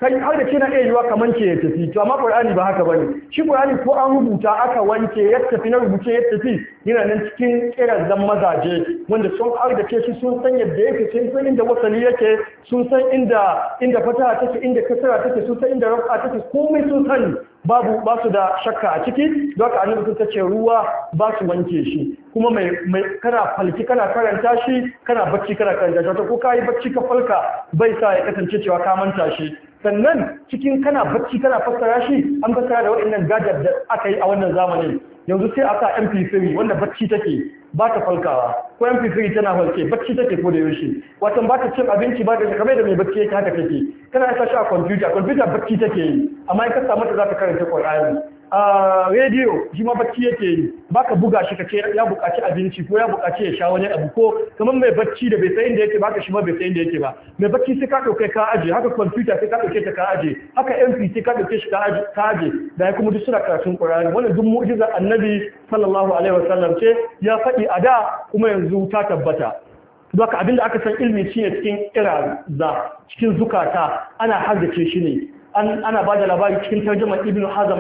kai har da kina iya yiwa kaman ke ya tafi to amma qur'ani ba haka bane shi qur'ani ko an rubuta aka wanke ya tafi na rubuce ya tafi yana nan cikin kirazan mazaje wanda sun har da ke shi sun san yadda yake sun san inda wasali yake sun san inda inda fata take inda kasara take sun san inda rafa take komai sun sani babu ba su da shakka a ciki don haka annabi sun tace ruwa ba su wanke shi kuma mai kana falki kana karanta shi kana bacci kana karanta shi ko kai bacci ka falka bai sa ya kasance cewa ka manta shi sannan cikin kana bacci kana fassara shi an fassara da waɗannan gadar da aka yi a wannan zamanin yanzu sai a sa mp3 wanda bacci take ba ta falkawa ko mp3 tana falke bacci take ko da yaushe watan ba ta cin abinci ba da kamar da mai bacci yake haka take kana sa shi a kwamfuta kwamfuta bacci take yi amma in ka samu za ta karanta qur'ani rediyo shi ma bacci yake yi baka buga shi kace ya bukaci abinci ko ya bukaci ya sha wani abu ko kamar mai bacci da bai san inda yake baka shi ma bai san inda yake ba mai bacci sai ka dauke ka aje haka computer sai ka dauke ta ka aje haka MP sai ka dauke shi ka aje ka aje da kuma duk suna karatun Qur'ani wannan duk mu'jiza Annabi sallallahu alaihi wasallam ce ya faɗi a da kuma yanzu ta tabbata Baka abinda aka san ilmi shi ne cikin iraza cikin zukata ana hargace shi ne ana ba da labari cikin tarjumar ibn hazam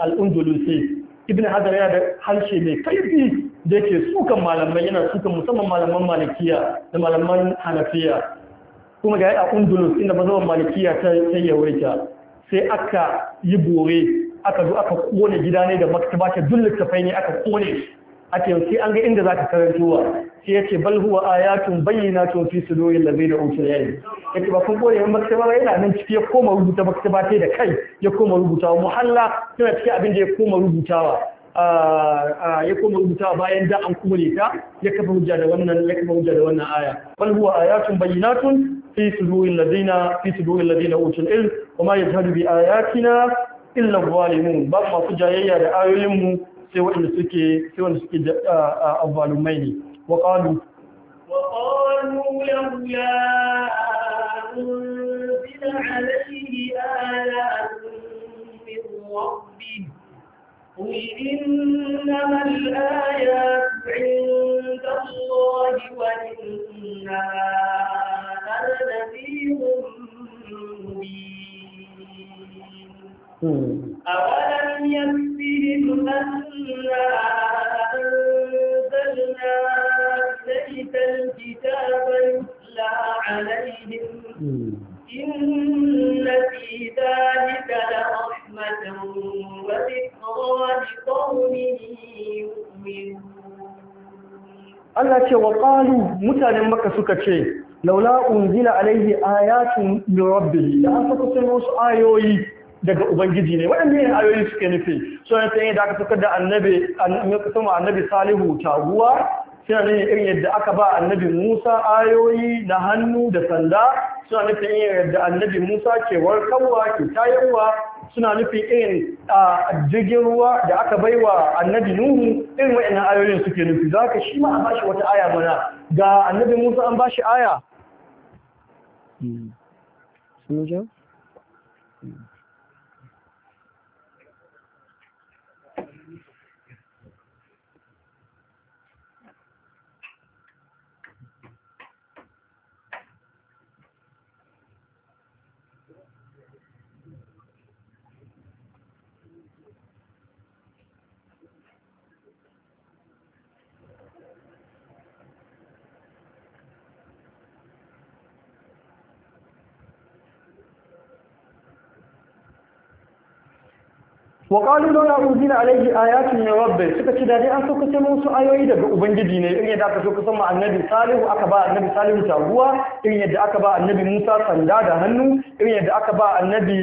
al-undulusi ibn hazam yana da harshe mai kaifi da yake sukan malamai yana sukan musamman malaman malikiya da malaman hanafiya kuma ga yada undulus inda mazaban malikiya ta yawaita sai aka yi bore aka zo aka kone gida ne da makasabata ta duk littafai ne aka kone a tausi an ga inda za zaka karantowa sai yace bal huwa ayatun bayyinatun fi sudurin ladina utul ilm yace ba kun koyi maktaba ba yana nan ciki ya koma rubuta maktaba ta da kai ya koma rubutawa muhalla tana ciki abin da ya koma rubutawa ya koma rubutawa bayan da an kumule ta ya kafa hujja da wannan ya kafa hujja da wannan aya bal huwa ayatun bayyinatun fi sudurin ladina fi sudurin ladina utul ilm wa ma yajhadu bi ayatina illa zalimun ba ma jayayya da ayoyin sai waɗanda suke sai waɗanda suke azzalumai ne wa qalu wa qalu laula unzila alayhi ayatun min rabbih قل إنما الآيات عند الله وإنما أنا نذير مبين أولم يكفهم أنا أنزلنا إليك الكتاب يتلى Allah ce wa ƙalu mutanen maka suka ce, Laula unzila alaihi ayatun min da an saka sun wasu ayoyi daga ubangiji ne waɗanda ne ayoyi suke nufi so ne sai da aka saka da annabi annabi salihu taguwa suna nufin irin yadda aka ba annabi musa ayoyi na hannu da sanda suna nufin irin yadda annabi musa ke warkarwa ke tayarwa suna nufin irin a jirgin ruwa da aka baiwa annabi nuhu irin waɗannan ayoyin suke nufi za ka shi ma an bashi wata aya mana ga annabi musa an bashi aya hmm. wa qalu lawla unzila alayhi ayatun ya rabbih suka ci dai an sauka ce musu ayoyi daga ubangiji ne irin yadda aka sauka sama annabi salihu aka ba annabi salihu taguwa irin yadda aka ba annabi musa sanda da hannu irin yadda aka ba annabi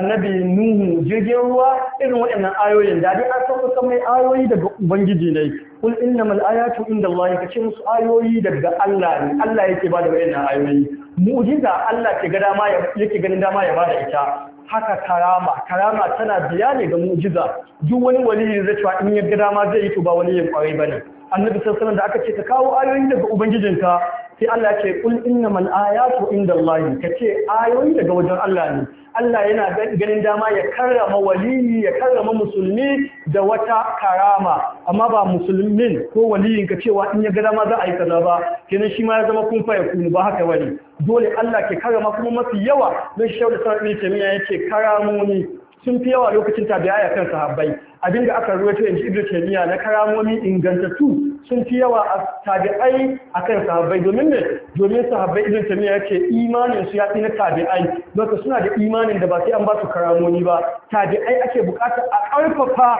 annabi nuhu jirgin ruwa irin waɗannan ayoyin da dai an sauka sama ayoyi daga ubangiji ne kul innamal ayatu indallahi ce musu ayoyi daga Allah ne Allah yake ba da waɗannan ayoyi mu'jiza Allah ke ga dama yake ganin dama ya ba da ita haka karama karama tana biya ne ga mu'jiza duk wani waliyi zai cewa in ya ga dama zai yi to ba waliyin kwarai bane annabi sallallahu da aka ce ka kawo ayoyi daga ubangijinka sai Allah ya ce kul mal ayatu Ka ce ayoyi daga wajen Allah ne Allah yana ganin dama ya karrama waliyi ya karrama musulmi da wata karama amma ba musulmin ko waliyin ka cewa in ya ga dama za a yi kaza ba kenan shi ma ya zama kun fa yakunu ba haka wani. dole Allah ke karrama kuma mafi yawa don shi da sanar ya ce karamo karamuni sun fi yawa lokacin tabi'a ya kan sahabbai da aka ruwaito yanzu ibnu taymiya na karamomi ingantattu sun fi yawa a tabi'ai akan sahabbai domin ne domin sahabbai ibnu taymiya yace imanin su ya fi na tabi'ai don suna da imanin da ba sai an ba su karamomi ba tabi'ai ake bukata a karfafa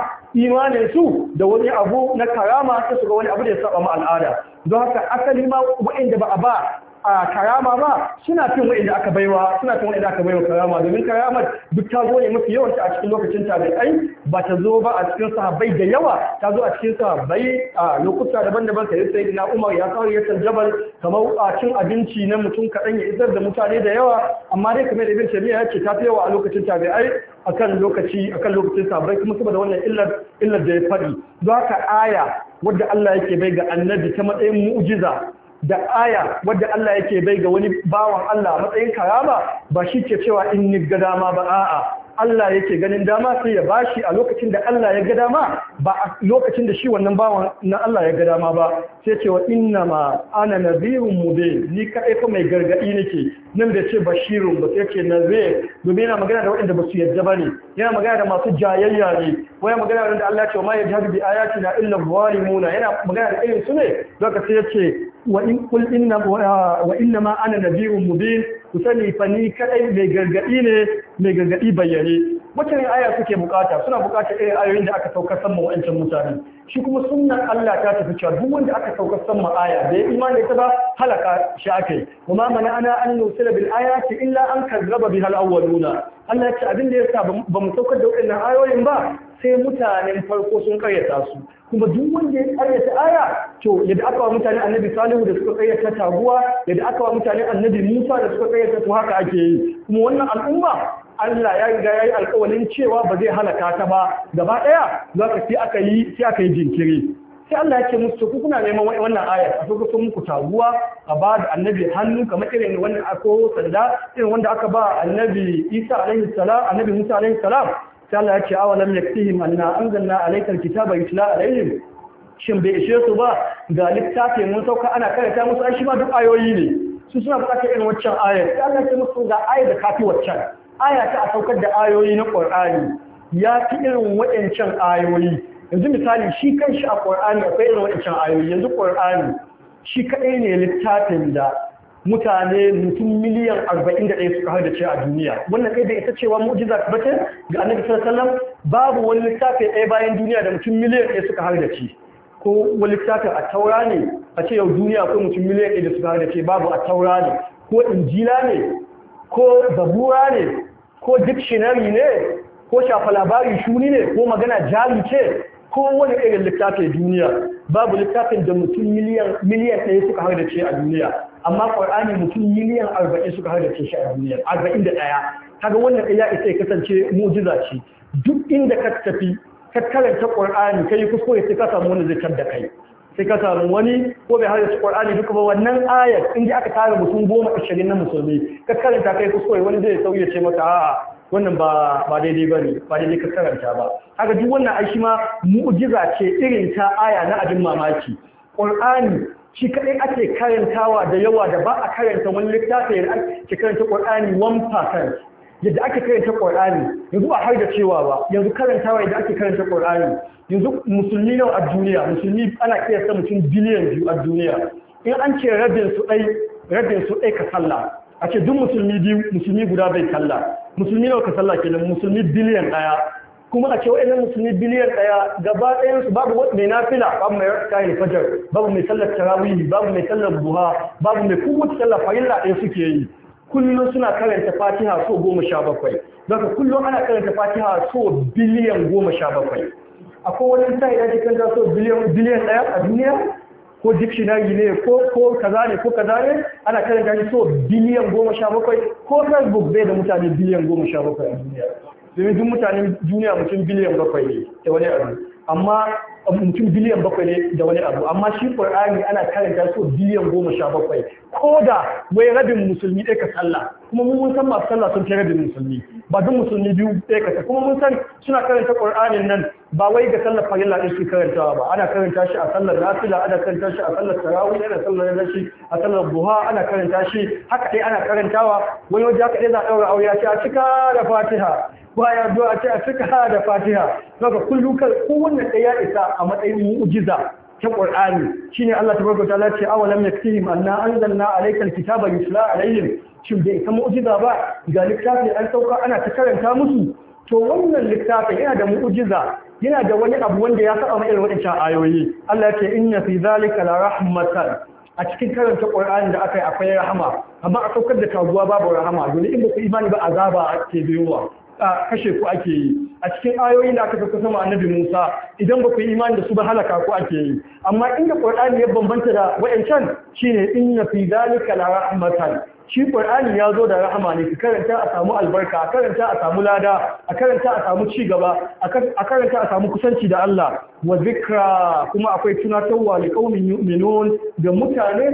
imanin su da wani abu na karama ta su ga wani abu da ya saba ma al'ada don haka asali ma waɗanda ba a ba a karama ba suna fin wa'inda aka baiwa suna fin inda aka baiwa karama domin karamar duk ta zo ne mafi yawan ta a cikin lokacin tabi'ai ba ta zo ba a cikin sahabbai da yawa ta zo a cikin sahabbai a lokuta daban-daban sai sai ina Umar ya kawo ya jabal kamar a cin abinci na mutum kaɗan ya isar da mutane da yawa amma dai kamar da Ibn Taymiyyah ya ce ta fi yawa a lokacin tabi'ai akan lokaci akan lokacin sahabbai kuma saboda wannan illar illar da ya faɗi don haka aya wadda Allah yake bai ga annabi ta matsayin mu'jiza da aya wadda Allah yake bai ga wani bawan Allah matsayin karama ba shi ke cewa in ni ga dama ba a'a Allah yake ganin dama sai ya bashi a lokacin da Allah ya ga dama ba a lokacin da shi wannan bawan na Allah ya ga dama ba sai cewa inna ma ana nazirun mubin ni kaɗai fa mai gargadi nake nan da ce bashirun ba sai ce nazir domin yana magana da waɗanda ba su yadda ba ne yana magana da masu jayayya ne waya magana da Allah ya ce ma yajhadu bi ayatina illa zalimuna yana magana da irin su ne zaka sai ya ce وإن قل إن وإنما mu bi? Ku sani fa ni kadai mai gargadi ne mai gargadi bayyane wacce aya suke bukata suna bukatar irin ayoyin da aka saukar sama wa'ancan mutanen shi kuma sunnan Allah ta tafi cewa duk wanda aka saukar sama aya da ya imani ta ba halaka shi akai kuma mana ana an nusila bil ayati illa an kazzaba bi al awwaluna Allah ya ce abin da yasa ba mu saukar da waɗannan ayoyin ba sai mutanen farko sun karyata su kuma duk wanda ya karyata aya to yadda aka wa mutane annabi salihu da suka karyata taguwa yadda aka wa mutane annabi musa da suka karyata to haka ake yi kuma wannan al'umma Allah ya riga ya yi alƙawalin cewa ba zai halaka ta ba gaba ɗaya za ka sai aka yi sai aka yi jinkiri sai Allah ya ce musu ku kuna neman wannan aya a so so muku taguwa a ba da annabi hannu kamar irin wannan ako sanda irin wanda aka ba annabi Isa alaihi salam annabi Musa alaihi salam Allah ya ce awalam yaktihim anna anzalna alaykal kitaba yutla alayhim shin bai ishe su ba ga littafin mun sauka ana karanta musu an shi ma duk ayoyi ne su suna fata irin waccan ayar Allah ya musu ga ayar da kafi waccan aya ta a saukar da ayoyi na Qur'ani ya fi irin waɗancan ayoyi yanzu misali shi kanshi a Qur'ani akwai irin waɗancan ayoyi yanzu Qur'ani shi kadai ne littafin da mutane mutum miliyan 41 suka haɗa ce a duniya wannan kai da ita cewa mu'jiza ta bace ga annabi sallallahu alaihi wasallam babu wani littafi ɗaya bayan duniya da mutum miliyan ɗaya suka haɗa ce ko wani littafi a taura ne a ce yau duniya ko mutum miliyan ɗaya da suka haɗa ce babu a taura ne ko injila ne ko zabura ne ko dictionary ne ko shafa labari shuni ne ko magana jari ce ko wani irin littafin duniya babu littafin da mutum miliyan ɗaya suka haɗa ce a duniya amma qur'ani mutum miliyan arba'in suka ce shi a duniya ɗaya. kaga wannan ɗaya ita ya kasance mu'jiza ce duk inda ka tafi ka karanta qur'ani yi kuskure sai ka samu wani zai da kai sai ka samu wani ko bai haddace qur'ani duka ba wannan ayar in ji aka tara mutum goma ashirin na musulmi ka karanta kai kuskure wani zai sauya ce mata, a'a wannan ba ba daidai ba ne ba daidai ka karanta ba haka duk wannan ai shi ma mu'jiza ce irin ta aya na abin mamaki qur'ani shi kaɗai ake karantawa da yawa da ba a karanta wani littafi yadda ake karanta ƙwar'ani 1% yadda ake karanta ƙwar'ani yanzu ba har da cewa ba yanzu karantawa yadda ake karanta ƙwar'ani yanzu musulmi nawa a duniya musulmi ana kiyasta mutum biliyan biyu a duniya in an ce rabin su ɗai rabin su ɗai ka salla. a ce duk musulmi biyu musulmi guda bai salla. musulmi nawa ka salla kenan musulmi biliyan ɗaya kuma a ce wa'annan musulmi biliyan ɗaya, gaba ɗayan su babu mai nafila babu mai kayan fajar babu mai sallar tarawih babu mai sallar buha babu mai kowace sallar fahimta, ɗaya suke yi kullum suna karanta fatiha so goma sha bakwai daga kullum ana karanta fatiha so biliyan goma sha bakwai akwai wani ta yi cikin kan so biliyan ɗaya a duniya ko dictionary ne ko ko kaza ne ko kaza ne ana karanta shi so biliyan goma sha bakwai ko facebook bai da mutane biliyan goma sha bakwai a duniya domin duk mutanen duniya mutum biliyan bakwai ne da wani abu amma mutum biliyan bakwai ne da wani abu amma shi qur'ani ana karanta so biliyan goma sha bakwai ko da wai rabin musulmi ɗaya ka sallah kuma mun san masu sallah sun fi rabin musulmi ba duk musulmi biyu ɗaya ka kuma mun san suna karanta qur'anin nan ba wai ga sallar farilla ɗin su karantawa ba ana karanta shi a sallar nafila ana karanta shi a sallar tarawih ana sallar shi a sallar buha ana karanta shi haka dai ana karantawa wani waje haka dai za a ɗaura aure ce a cika da fatiha baya zuwa ce a cika da fatiha zaka kullu kal kowanne ya isa a matsayin mu'jiza ta Qur'ani shine Allah tabaraka ta'ala ce awalam yaktihim anna anzalna alayka alkitaba yusla alayhim shin bai ka mu'jiza ba ga littafi an sauka ana ta karanta musu to wannan littafin yana da mu'jiza yana da wani abu wanda ya saba mai wadancan ayoyi Allah ce inna fi zalika la rahmatan a cikin karanta Qur'ani da aka yi akwai rahama amma a saukar da kaguwa babu rahama dole in ba ku imani ba azaba ke biyowa kashe ku ake yi a cikin ayoyi da aka fi sama annabi Musa idan ba ku yi imani da su ba halaka ku ake yi amma inda Qur'ani ya bambanta da wayancan shine inna fi zalika la rahmatan shi Qur'ani ya zo da rahama ne ka karanta a samu albarka a karanta a samu lada a karanta a samu ci gaba a karanta a samu kusanci da Allah wa zikra kuma akwai tunatarwa li qaumin yu'minun da mutane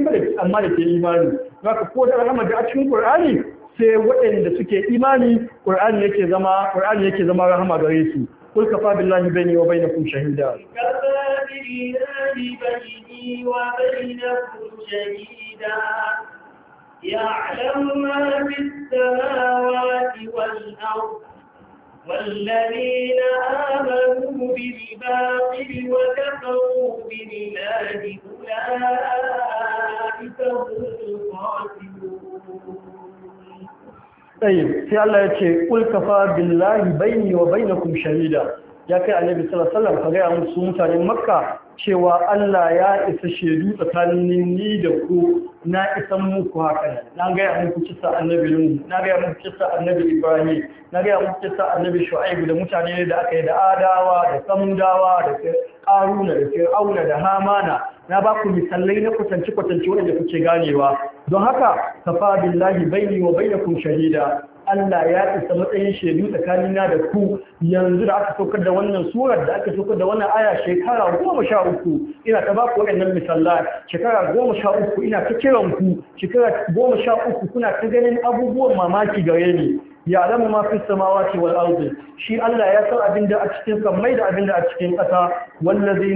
amma da ke imani zaka ko da rahama da a cikin Qur'ani sai waɗanda suke imani ƙur'ani yake zama ƙur'ani yake zama rahama gare su kul kafa billahi bayni wa bainakum shahida يعلم ما في السماوات والأرض والذين آمنوا بالباطل وكفروا بالله أولئك هم الخاسرون tsaye sai Allah ya ce ulkafa billahi bayani wa kun shahida ya kai annabi sallallahu alaihi wasallam ka ga musu mutanen makka cewa Allah ya isa shaidu tsakanin ni da ku na isan muku haka na gaya muku kisa annabi Nuhu na gaya muku kisa annabi Ibrahim na gaya muku kisa annabi Shu'aibu da mutane da aka yi da Adawa da Samudawa da Karuna da Fir'auna da Hamana na ba ku misalai na kusanci kwatanci wanda kuke ganewa don haka kafa billahi baini wa bainakum shahida Allah ya isa matsayin shaidu tsakanina da ku yanzu da aka saukar da wannan surar da aka saukar da wannan aya shekara goma sha uku ina ta baku waɗannan misalai shekara goma sha uku ina ta kiran ku shekara goma sha uku kuna ta ganin abubuwan mamaki gare ni ya alamu mafi fi samawati wal shi Allah ya san da a cikin samai da da a cikin ƙasa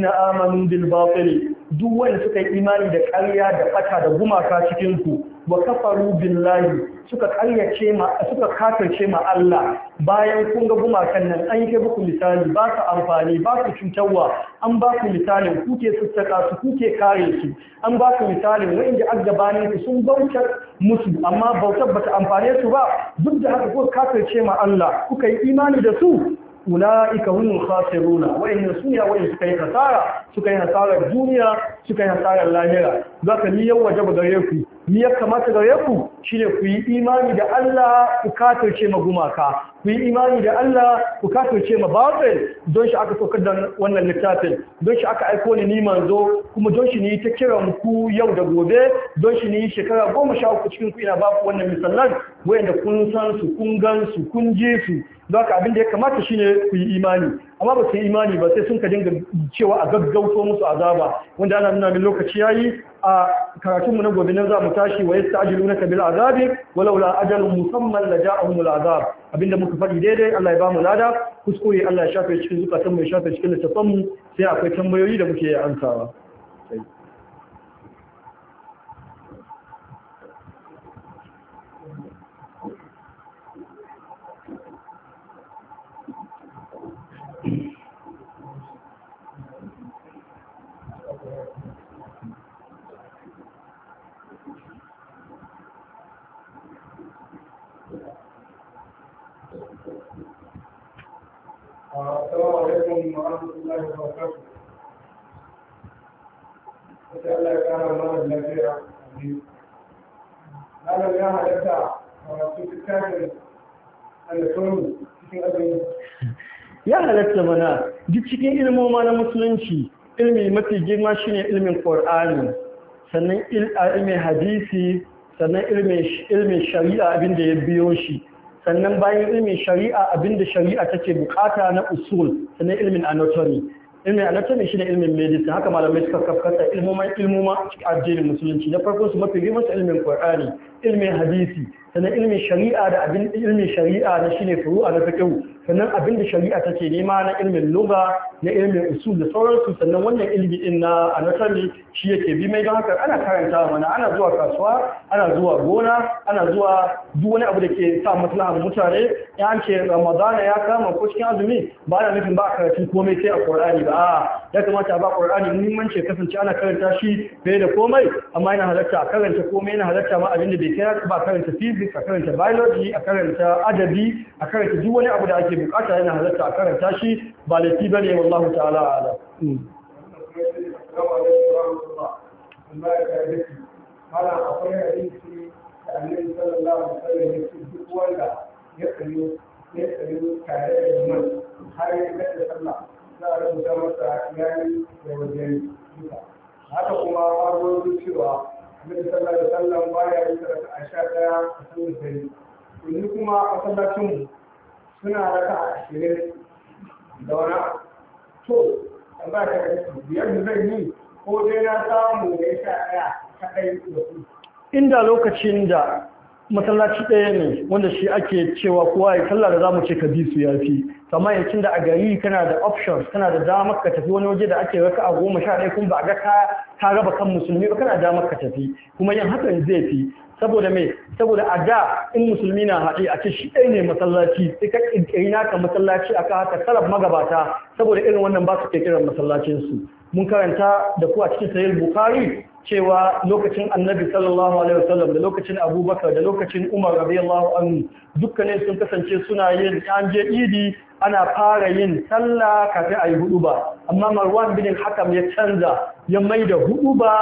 na amanu bil batil duk wanda suka yi imani da ƙarya da fata da gumaka cikin ku wa kafaru billahi suka karyace ma suka kafirce ma Allah bayan kun ga gumakan nan an yi muku misali ba ka amfani ba ku cutarwa an ba ku misalin kuke sassaka su kuke kare su an ba ku misalin wanda aggabanin su sun bautar musu amma bautar bata amfane su ba duk da haka ko kafirce ma Allah kuka yi imani da su ula'ika hunin khasiruna wa su sunya wa suka yi hasara suka yi hasarar duniya suka yi hasarar lahira zaka ni yau waje ba gare ku ni ya kamata gare ku shine ku yi imani da Allah ku katarce ma gumaka ku yi imani da Allah ku katarce ma batil don shi aka saukar da wannan littafin don shi aka aiko ni niman manzo kuma don shi ni ta kiran ku yau da gobe don shi ni shekara goma sha uku cikin ku ina ba ku wannan misalan wayanda kun san su kun gan su kun je su haka abin da ya kamata shine ku yi imani amma ba su yi imani ba sai sun ka dinga cewa a gaggauto musu azaba wanda ana nuna min lokaci yayi a karatun mu na gobe nan za mu tashi wa yasta'jiluna bil azabi walau la ajalun musamman da ja'ahum al azab abinda muka faɗi daidai Allah ya ba mu lada kuskure Allah ya shafe cikin zukatan mai shafe cikin littafan mu sai akwai tambayoyi da muke ansawa ya mana halatta mana duk cikin ilmoma na musulunci ilmi mafi girma shine ilmin Qur'ani sannan ilmin hadisi sannan ilmin shari'a abinda ya biyo shi sannan bayan ilmin shari'a abinda shari'a take bukata na usul sannan ilmin anatomy ilmin anatomy shine ilmin medicine haka malamai suka kafkasa ilmoman ilmoma addinin musulunci na farko su mafi girman su ilmin qur'ani ilmin hadisi sannan ilmin shari'a da abin ilmin shari'a na shine furu'a na fiqh sannan abin da shari'a take nema na ilmin lugha na ilmin usul da sauransu sannan wannan ilmi din na anatomy shi yake bi mai don haka ana karanta mana ana zuwa kasuwa ana zuwa gona ana zuwa duk wani abu da ke sa maslahar mutane ya an ce ramadana ya kama ko cikin azumi ba ana nufin ba karatun komai sai a qur'ani ba ya kamata ba qur'ani muhimmanci kasance ana karanta shi bai da komai amma yana halatta a karanta komai yana halatta ma abin da bai kai ba karanta physics a karanta biology a karanta adabi a karanta duk wani abu da ake bukata yana halatta a karanta shi ba laifi ne wallahu ta'ala a'lam hmm. mana akwai hadisi da annabi sallallahu alaihi wasallam ya ce duk wanda ya tsayo ya tsayo tare da man har ya sallah za a masa yayi da wajen duka haka kuma ma zo cewa annabi sallallahu alaihi baya yin a sha daya a sallar dare yanzu kuma a sallacin mu suna raka ashirin da ba zan yi ko dai na samu sha ɗaya da Inda lokacin da masallaci ɗaya ne wanda shi ake cewa kowa ya sallah da za mu ce ka bi su ya fi kamar yankin da a gari kana da options kana da damar ka tafi wani waje da ake raka a goma sha ɗaya kuma ba a ga ka raba kan musulmi ba kana damar ka tafi kuma yin hakan zai fi saboda mai saboda a da in musulmi na haɗe a ce shi ɗaya ne masallaci sai ka ƙirƙiri naka masallaci a haka salaf magabata saboda irin wannan ba su ƙirƙirar masallacinsu mun karanta da ku a cikin sahih bukhari cewa lokacin annabi sallallahu alaihi wasallam da lokacin abubakar da lokacin umar radiyallahu anhu dukkanin sun kasance suna yin an je idi ana fara yin sallah kafin a yi hudu ba amma marwan bin hakam ya canza ya mai da hudu ba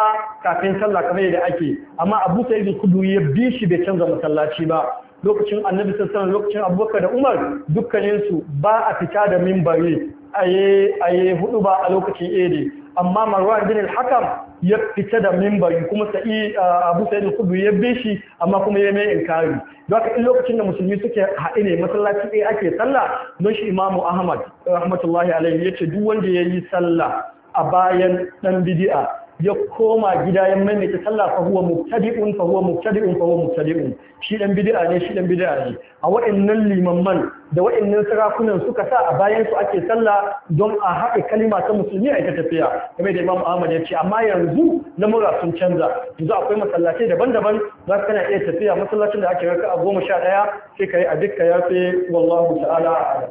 kafin sallah kamar yadda ake amma abu sa'id kudu ya bi shi bai canza masallaci ba lokacin annabi sallallahu alaihi lokacin abubakar da umar dukkaninsu ba a fita da mimbari aye aye hudu ba a lokacin idi amma marwan bin hakam ya fita da mimbari kuma sa'i abu sai da kudu ya bi shi amma kuma ya mai inkari don haka in lokacin da musulmi suke haɗe ne masallaci ɗaya ake sallah don shi imamu ahmad rahmatullahi alaihi ya ce duk wanda ya yi sallah a bayan ɗan bidi'a ya koma gida ya maimaita sallah fa huwa mubtadi'un fa huwa mubtadi'un fa huwa mubtadi'un shi dan bid'a ne shi dan bid'a ne a waɗannan limamman da waɗannan sarakunan suka sa a bayan su ake sallah don a haɗe kalima ta musulmi a ita tafiya game da Imam Ahmad ya ce amma yanzu lamura sun canza yanzu akwai masallaci daban-daban za ka kana iya tafiya masallacin da ake raka a goma sha ɗaya sai ka yi a dukka ya fi wallahu ta'ala a'lam.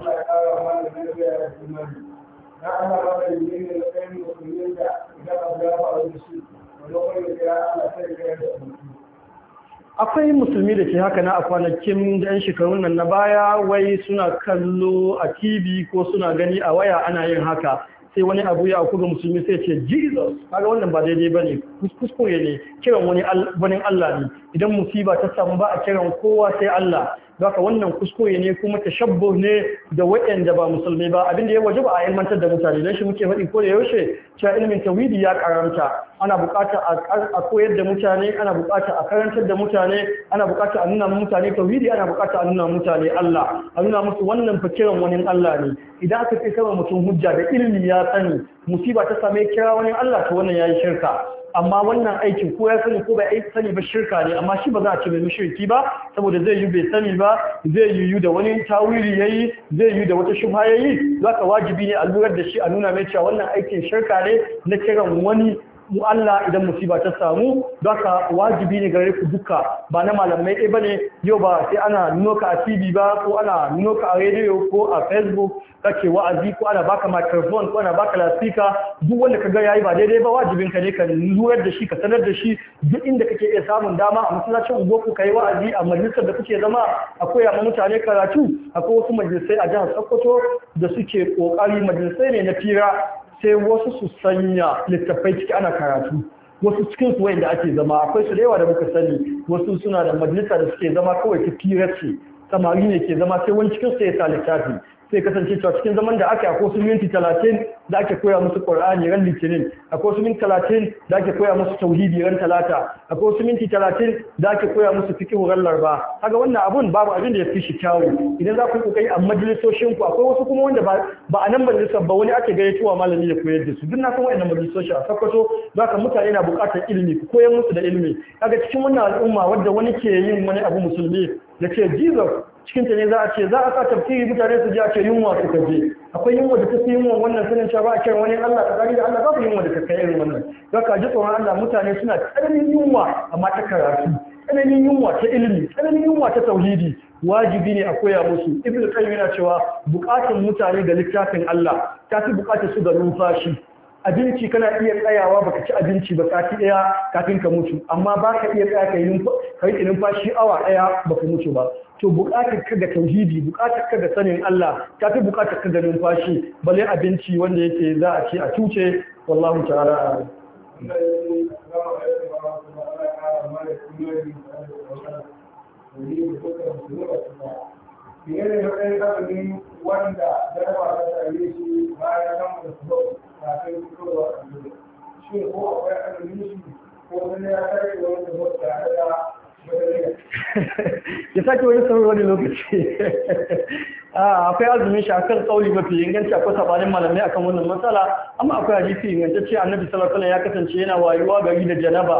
Allah ya kara mana da na akwai musulmi da ke haka na a kwanakin yan shekarun nan na baya wai suna kallo a tv ko suna gani a waya ana yin haka sai wani abu ya kuga musulmi sai ce jesus kaga wannan ba daidai ba ne, kuskure ne kiran wani Allah ne idan musiba ta samu ba a kiran kowa sai Allah haka wannan kuskure ne kuma tashabbuh ne da waɗanda ba musulmi ba abinda ya waje ba a ilmantar da mutane dan shi muke faɗi ko da yaushe cewa ilmin tauhidi ya karanta ana bukata a koyar da mutane ana bukata a karantar da mutane ana bukata a nuna mutane tauhidi ana bukata a nuna mutane Allah a nuna musu wannan fakiran wani Allah ne idan aka fi sama mutum hujja da ilmi ya sani musiba ta same kira wani Allah to wannan yayi shirka amma wannan aikin ko ya sani ko bai sani ba shirka ne amma shi ba za a ce mai mushriki ba saboda zai yi bai sani ba zai yi yi da wani ya yi zai yi da wata shubha za ka wajibi ne a lura da shi a nuna mai cewa wannan aikin shirka ne na kiran wani mu Allah idan musiba ta samu doka wajibi ne gare ku duka ba na malamai ɗaya ne yau ba sai ana noka a TV ba ko ana noka a rediyo ko a Facebook kake wa'azi ko ana baka microphone ko ana baka lasika duk wanda ka ga yayi ba daidai ba wajibin ka ne ka lurar da shi ka sanar da shi duk inda kake iya samun dama a masallacin unguwar ku kai wa'azi a majalisar da kuke zama a koya ma mutane karatu akwai wasu majalisai a jihar Sokoto da suke kokari majalisai ne na fira sai wasu su sanya littattafai ciki ana karatu wasu cikin su wayanda ake zama akwai su da yawa da muka sani wasu suna da majalisa da suke zama kawai ta fira ce samari ne ke zama sai wani cikin su ya sa littafi sai kasance cewa cikin zaman da ake akwai wasu minti talatin da ake koya musu ƙwar'ani ran litinin akwai wasu minti talatin da ake koya musu tauhidi ran talata akwai wasu minti talatin da ake koya musu fikihu ran larba haka wannan abun babu abin da ya fi shi kyawu idan za ku yi kokari a majalisoshin ku akwai wasu kuma wanda ba a nan majalisar ba wani ake gayyatuwa malami ya koyar da su duk na san wa'annan majalisoshin a sakkwato za ka mutane na buƙatar ilimi ku koyar musu da ilimi kaga cikin wannan al'umma wadda wani ke yin wani abu musulmi ya ce jesus cikin ta ne za a ce za a sa tafsiri mutane su ji a ce yunwa su je akwai yunwa da ta fi yunwa wannan sanin cewa ba a kira wani Allah ta zari da Allah su yunwa da ta kai irin wannan za ka ji tsoron Allah mutane suna tsananin yunwa amma ta karatu tsananin yunwa ta ilimi tsananin yunwa ta tauhidi wajibi ne a koya musu ibnu qayyim yana cewa bukatun mutane ga littafin Allah ta fi bukatar su ga numfashi abinci kana iya tsayawa baka ci abinci ba sati daya kafin ka mutu amma baka iya tsaya ka yi numfashi awa daya baka mutu ba to buƙatar ka ga tauhidi buƙatar ka ga sanin Allah ta fi buƙatar ka ga numfashi balle abinci wanda yake za a ci a cuce wallahu ta'ala fiye da shi da a ko ko wani ya sake wani sauri wani lokaci ah, akwai azumin shakar tsauri mafi inganci akwai sabanin malamai akan wannan matsala amma akwai hadisi ingantacce annabi sallallahu alaihi ya kasance yana wayuwa gari da janaba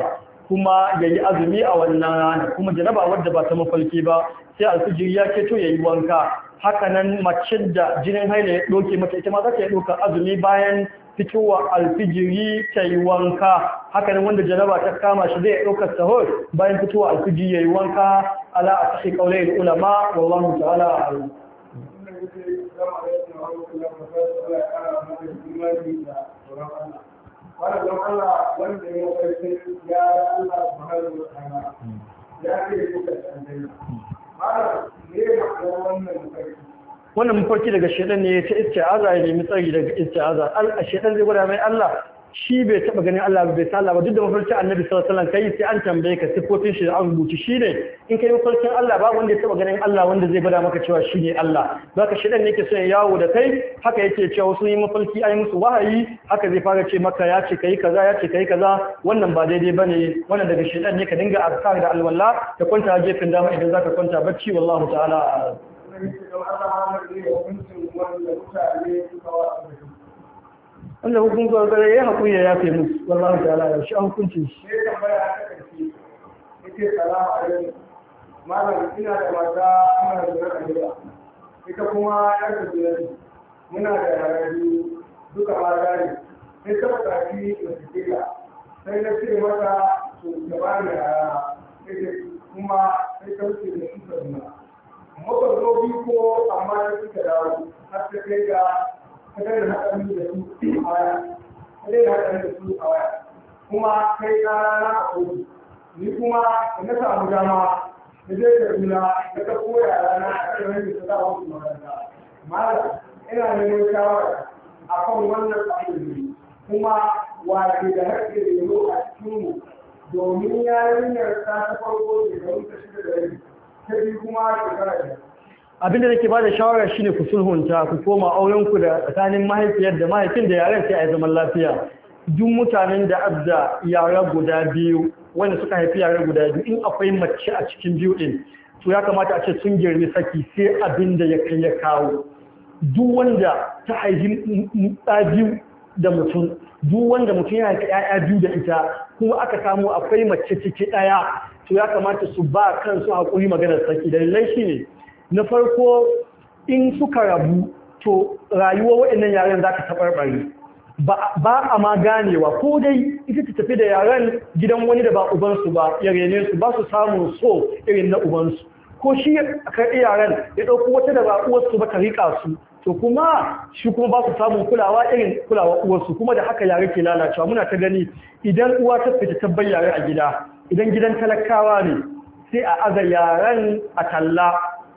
kuma yayi azumi a wannan rana kuma janaba wadda ba ta mafalki ba sai alfijiri ya ya yayi wanka haka nan mace da jinin haila ya doke mata ita ma za ta yi doka azumi bayan Fituwa alfijiri ta yi wanka haka ne wanda janaba ta kama shi zai ɗaukar taho bayan fitowa alfijiri ya yi wanka ala a sahi ƙaunayin ulama wallahu ta'ala a haru ya ya ya ce wannan mafarki daga shaidan ne ta isti'aza ya nemi tsari daga isti'aza a shaidan zai gwada mai Allah shi bai taba ganin Allah bai ta Allah ba duk da mafarki Annabi sallallahu alaihi wasallam kai sai an tambaye ka sifofin shi da an rubuci shi ne in kai mafarkin Allah ba wanda ya taba ganin Allah wanda zai gwada maka cewa shi ne Allah zaka shaidan ne ke son yawo da kai haka yake cewa sun yi mafarki ai musu wahayi haka zai fara ce maka ya ce kai kaza ya ce kai kaza wannan ba daidai ba bane wannan daga shaidan ne ka dinga arsa da alwala ka kwanta gefen dama idan zaka kwanta bacci wallahu ta'ala wanda hukun zuwa gare ya haƙuri ya yafe musu wallahu ta'ala ya shi hukuncin shi ta a malam ina da mata ana da a gida ita kuma ya ta biyar muna da yara duka mata ne sai ta buƙaci da sai na ce mata su da ba da yara kuma sai ta wuce da shi muka zo bi ko amma da suka dawo har ta kai ga ta kai da haɗari da su a waya ta kai da haɗari da su a waya kuma kai na rana a kogi ni kuma na samu dama na zai da juna da ta koya rana a kan wani da ta dawo su makaranta mala ina neman shawara a kan wannan abin kuma wace da haƙƙi da yau a cikinmu domin yarinyar ta ta farko da ta wuce shida da rabi abinda nake ba da shawara ne ku sulhunta ku koma aurenku da tsakanin mahaifiyar da mahaifin da yaren sai a yi zaman lafiya duk mutanen da abda yara guda biyu wanda suka haifi yara guda biyu in akwai mace a cikin biyu din to ya kamata a ce sun girme saki sai abin da ya kai ya kawo duk wanda ta haifi ɗa biyu da mutum duk mutum ya haifi ƴaƴa biyu da ita kuma aka samu akwai mace ciki ɗaya to ya kamata su ba kansu haƙuri maganar sarki. dalilai shi ne na farko in suka rabu to rayuwa waɗannan yaren za ka taɓarɓare ba a ma ganewa ko dai ita ta tafi da yaren gidan wani da ba ubansu ba ya rene su ba su samun so irin na ubansu ko shi a karɓi yaren ya ɗauko wata da ba uwarsu ba ta riƙa su to kuma shi kuma ba su samun kulawa irin kulawa uwarsu kuma da haka yare ke lalacewa muna ta gani idan uwa ta fita tabbar yare a gida idan gidan talakawa ne sai a aza yaren a talla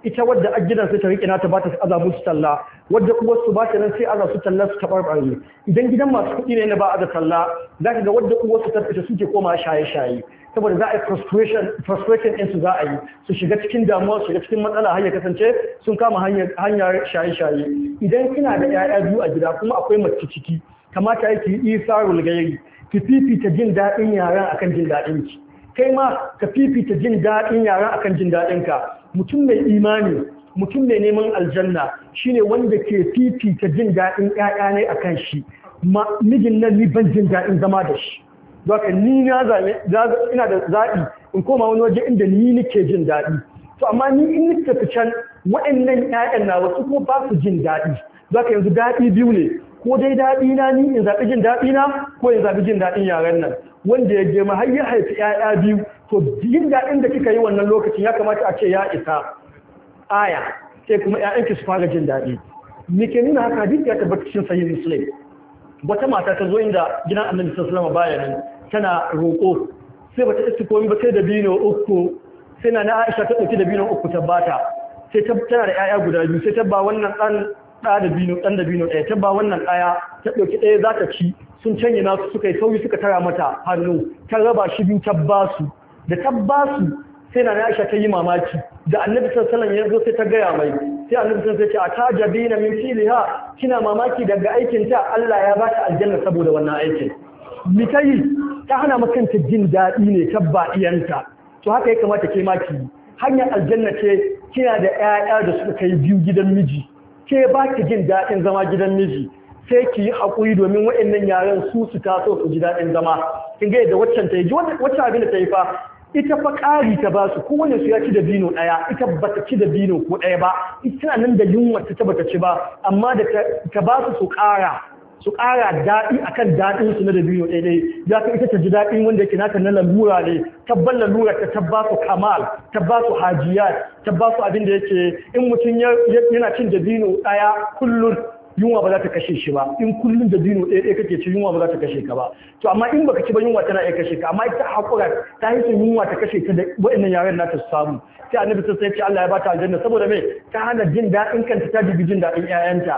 ita wadda a gidan su ta riƙe nata ba ta aza musu talla wadda uwarsu ba ta nan sai aza su talla su taɓarɓare idan gidan masu kuɗi ne na ba aza talla za ka ga wadda uwarsu ta fita suke koma shaye-shaye saboda za a yi frustration ɗinsu za a yi su shiga cikin damuwa su shiga cikin matsala har ya kasance sun kama hanyar shaye-shaye idan kina da 'ya'ya biyu a gida kuma akwai mace ciki kamata yake yi isa rulgayi ki fifita jin daɗin yaren akan jin daɗin ki kai ma ka fifita jin daɗin yaran akan jin daɗinka mutum mai imani mutum mai neman aljanna shine wanda ke fifita jin daɗin ƴaƴa ne akan shi ma mijin nan ni ban jin daɗin zama da shi Zaka ni na zaɓi ina da zaɓi in koma wani waje inda ni nake jin daɗi to amma ni in nika fi can waɗannan ƴaƴan na wasu kuma ba su jin daɗi Zaka yanzu daɗi biyu ne ko dai daɗi na ni in zaɓi jin daɗi na ko in zaɓi jin daɗin yaren nan wanda ya girma har ya haifi yaya biyu to jin daɗin da kika yi wannan lokacin ya kamata a ce ya isa aya sai kuma ki su fara jin daɗi me ke nuna haka duk ya tabbata cikin sahih muslim wata mata ta zo inda gidan annabi sallallahu alaihi wasallam tana roƙo sai bata isa komai ba sai da bino uku sai na Aisha ta ɗauki da bino uku ta bata sai tana da ƴaƴa guda biyu sai ta ba wannan ɗan ɗaya da bino ɗan da bino ɗaya tabba wannan ɗaya ta ɗauki ɗaya za ta ci sun canye nasu suka yi sauyi suka tara mata hannu ta raba shi biyu tabbasu da tabbasu sai na Aisha ta yi mamaki da Annabi sallallahu alaihi wasallam ya zo sai ta gaya mai sai Annabi sallallahu alaihi wasallam ya ce atajabina min filiha kina mamaki daga aikin ta Allah ya ba ta aljanna saboda wannan aikin mi ta hana makanta jin daɗi ne tabba iyanta to haka ya kamata ke maki hanyar aljanna ce kina da 'ya'ya da suka kai biyu gidan miji ke ba ki jin daɗin zama gidan miji sai ki yi haƙuri domin waɗannan yaren su su taso su ji daɗin zama kin ga yadda waccan ta yi waccan abin da ta yi fa ita fa ƙari ta basu kowane su ya ci da bino ɗaya ita ba ta ci da bino ko ɗaya ba ita nan da yunwa ta ba ta ci ba amma da ta basu su ƙara su ƙara daɗi akan daɗin su na da biyu ɗaya ya fi ita ta ji daɗin wanda yake naka na lalura ne tabbar lalura ta tabba su kamal tabba su hajiyar tabba su abin da yake in mutum yana cin biyu ɗaya kullum yunwa ba za ta kashe shi ba in kullum da biyu ɗaya kake ci yunwa ba za ta kashe ka ba to amma in baka ci ba yunwa tana iya kashe ka amma ita hakura ta yi sun yunwa ta kashe ta da wa'annan yaren na ta samu sai annabi sai ce Allah ya bata aljanna saboda me ta hana jin daɗin kanta ta jibi jin daɗin ƴaƴanta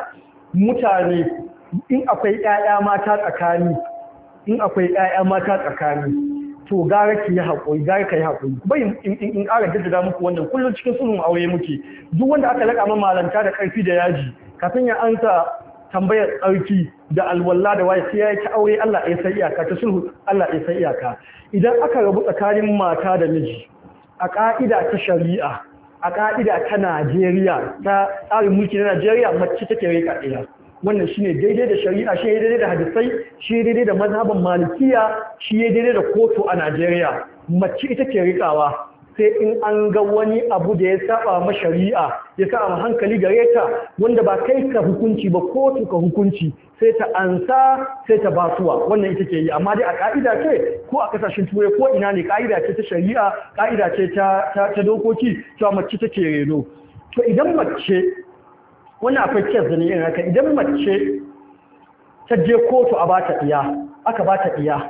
mutane in akwai ƴaƴa mata tsakani in akwai ƴaƴa mata tsakani to gara ki yi haƙuri gara ka yi haƙuri bai in ƙara jaddada muku wannan kullum cikin sulhun aure muke duk wanda aka laƙa ma malanta da ƙarfi da yaji kafin ya ansa tambayar tsarki da alwala da waye sai ya yi aure Allah ya sai iyaka ta sulhu Allah ya sai iyaka idan aka rabu tsakanin mata da miji a ka'ida ta shari'a a ƙa'ida ta Najeriya ta tsarin mulki na Najeriya mace take rika ɗaya wannan shine daidai da shari'a shi ya daidai da hadisai shi ya daidai da mazhaban malikiya shi ya daidai da kotu a Najeriya mace ita ke rikawa sai in an ga wani abu da ya saba ma shari'a ya sa ma hankali gare ta wanda ba kai ka hukunci ba kotu ka hukunci sai ta ansa sai ta basuwa wannan ita ke yi amma dai a ka'ida ce ko a kasashen turai ko ina ne ka'ida ce ta shari'a ka'ida ce ta dokoki to mace take reno to idan mace Wannan akwai kes da yin haka idan mace ta je kotu a ta iya aka ta iya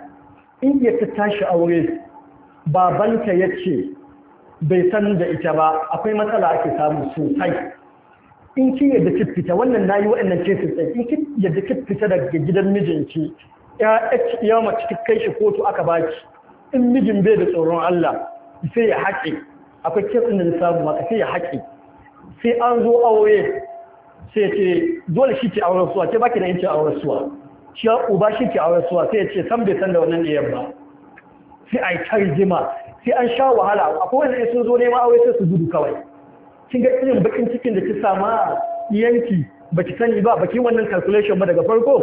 in iya ta tashi aure babanta ya ce bai san da ita ba akwai matsala ake samu sosai in ki yadda ki fita wannan na yi waɗannan su tsaye in ki yadda ki fita daga gidan mijinki ya ya mace ki kai shi kotu aka ba ki. in mijin bai da tsoron Allah sai ya haƙe akwai kes ɗin da samu maka sai ya haƙe sai an zo aure sai ce dole shi ke auren suwa ce baki da ce auren suwa shi uba shi ke auren suwa sai ce san bai san da wannan ɗayan ba sai a yi tarjima sai an sha wahala akwai wanda sun zo nema aure sai su gudu kawai kin ga irin bakin cikin da ki sama yanki baki sani ba baki wannan calculation ba daga farko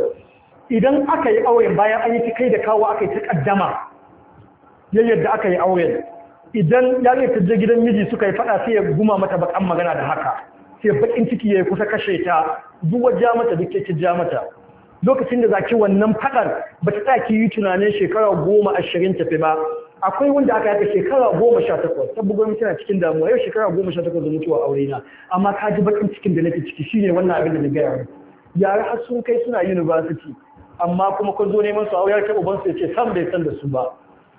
idan aka yi auren bayan an yi kai da kawo aka yi ta kaddama yadda aka yi auren idan yare ta je gidan miji suka yi fada sai ya guma mata bakan magana da haka sai bakin ciki ya kusa kashe ta Zuwa Jamata, mata duk ta ja mata lokacin da zaki wannan fadar ba ta taki yi tunanin shekara goma ashirin tafi ba akwai wanda aka yaka shekara goma sha takwas ta bugon tana cikin damuwa yau shekara goma sha takwas da mutuwa aure na amma ka ji bakin cikin da nake ciki shine wannan abin da na gaya yara har sun kai suna university amma kuma kwanzo neman su aure taɓa ban su ya ce sam bai san da su ba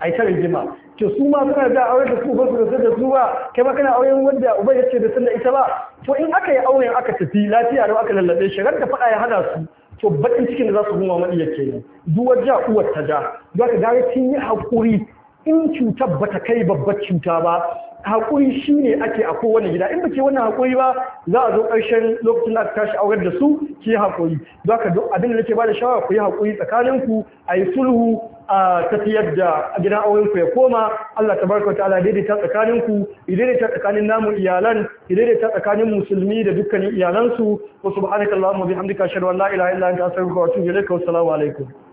a yi ta rigima to su ma suna da aure da su ba su da su ba kai ba kana auren wanda uba ya ce da sun da ita ba to in aka yi auren aka tafi lafiya da aka lallabe shi da faɗa ya hada su to bakin cikin da za su goma maɗiya ke yi duwar ja uwar ta ja za ka gare sun yi haƙuri in cutar ba ta kai babbar cuta ba haƙuri shi ne ake a kowane gida in baki wannan haƙuri ba za a zo ƙarshen lokacin da aka tashi aurar da su ki haƙuri za ka duk abin da nake ba da shawara ku yi haƙuri tsakaninku a yi sulhu a tafiyar da gidan auren ku ya koma Allah ta wa ta'ala daidaita tsakanin ku daidaita tsakanin namu iyalan daidaita tsakanin musulmi da dukkanin iyalansu wa subhanakallahumma bihamdika ashhadu an la ilaha illa anta astaghfiruka wa atubu ilaik wa assalamu alaikum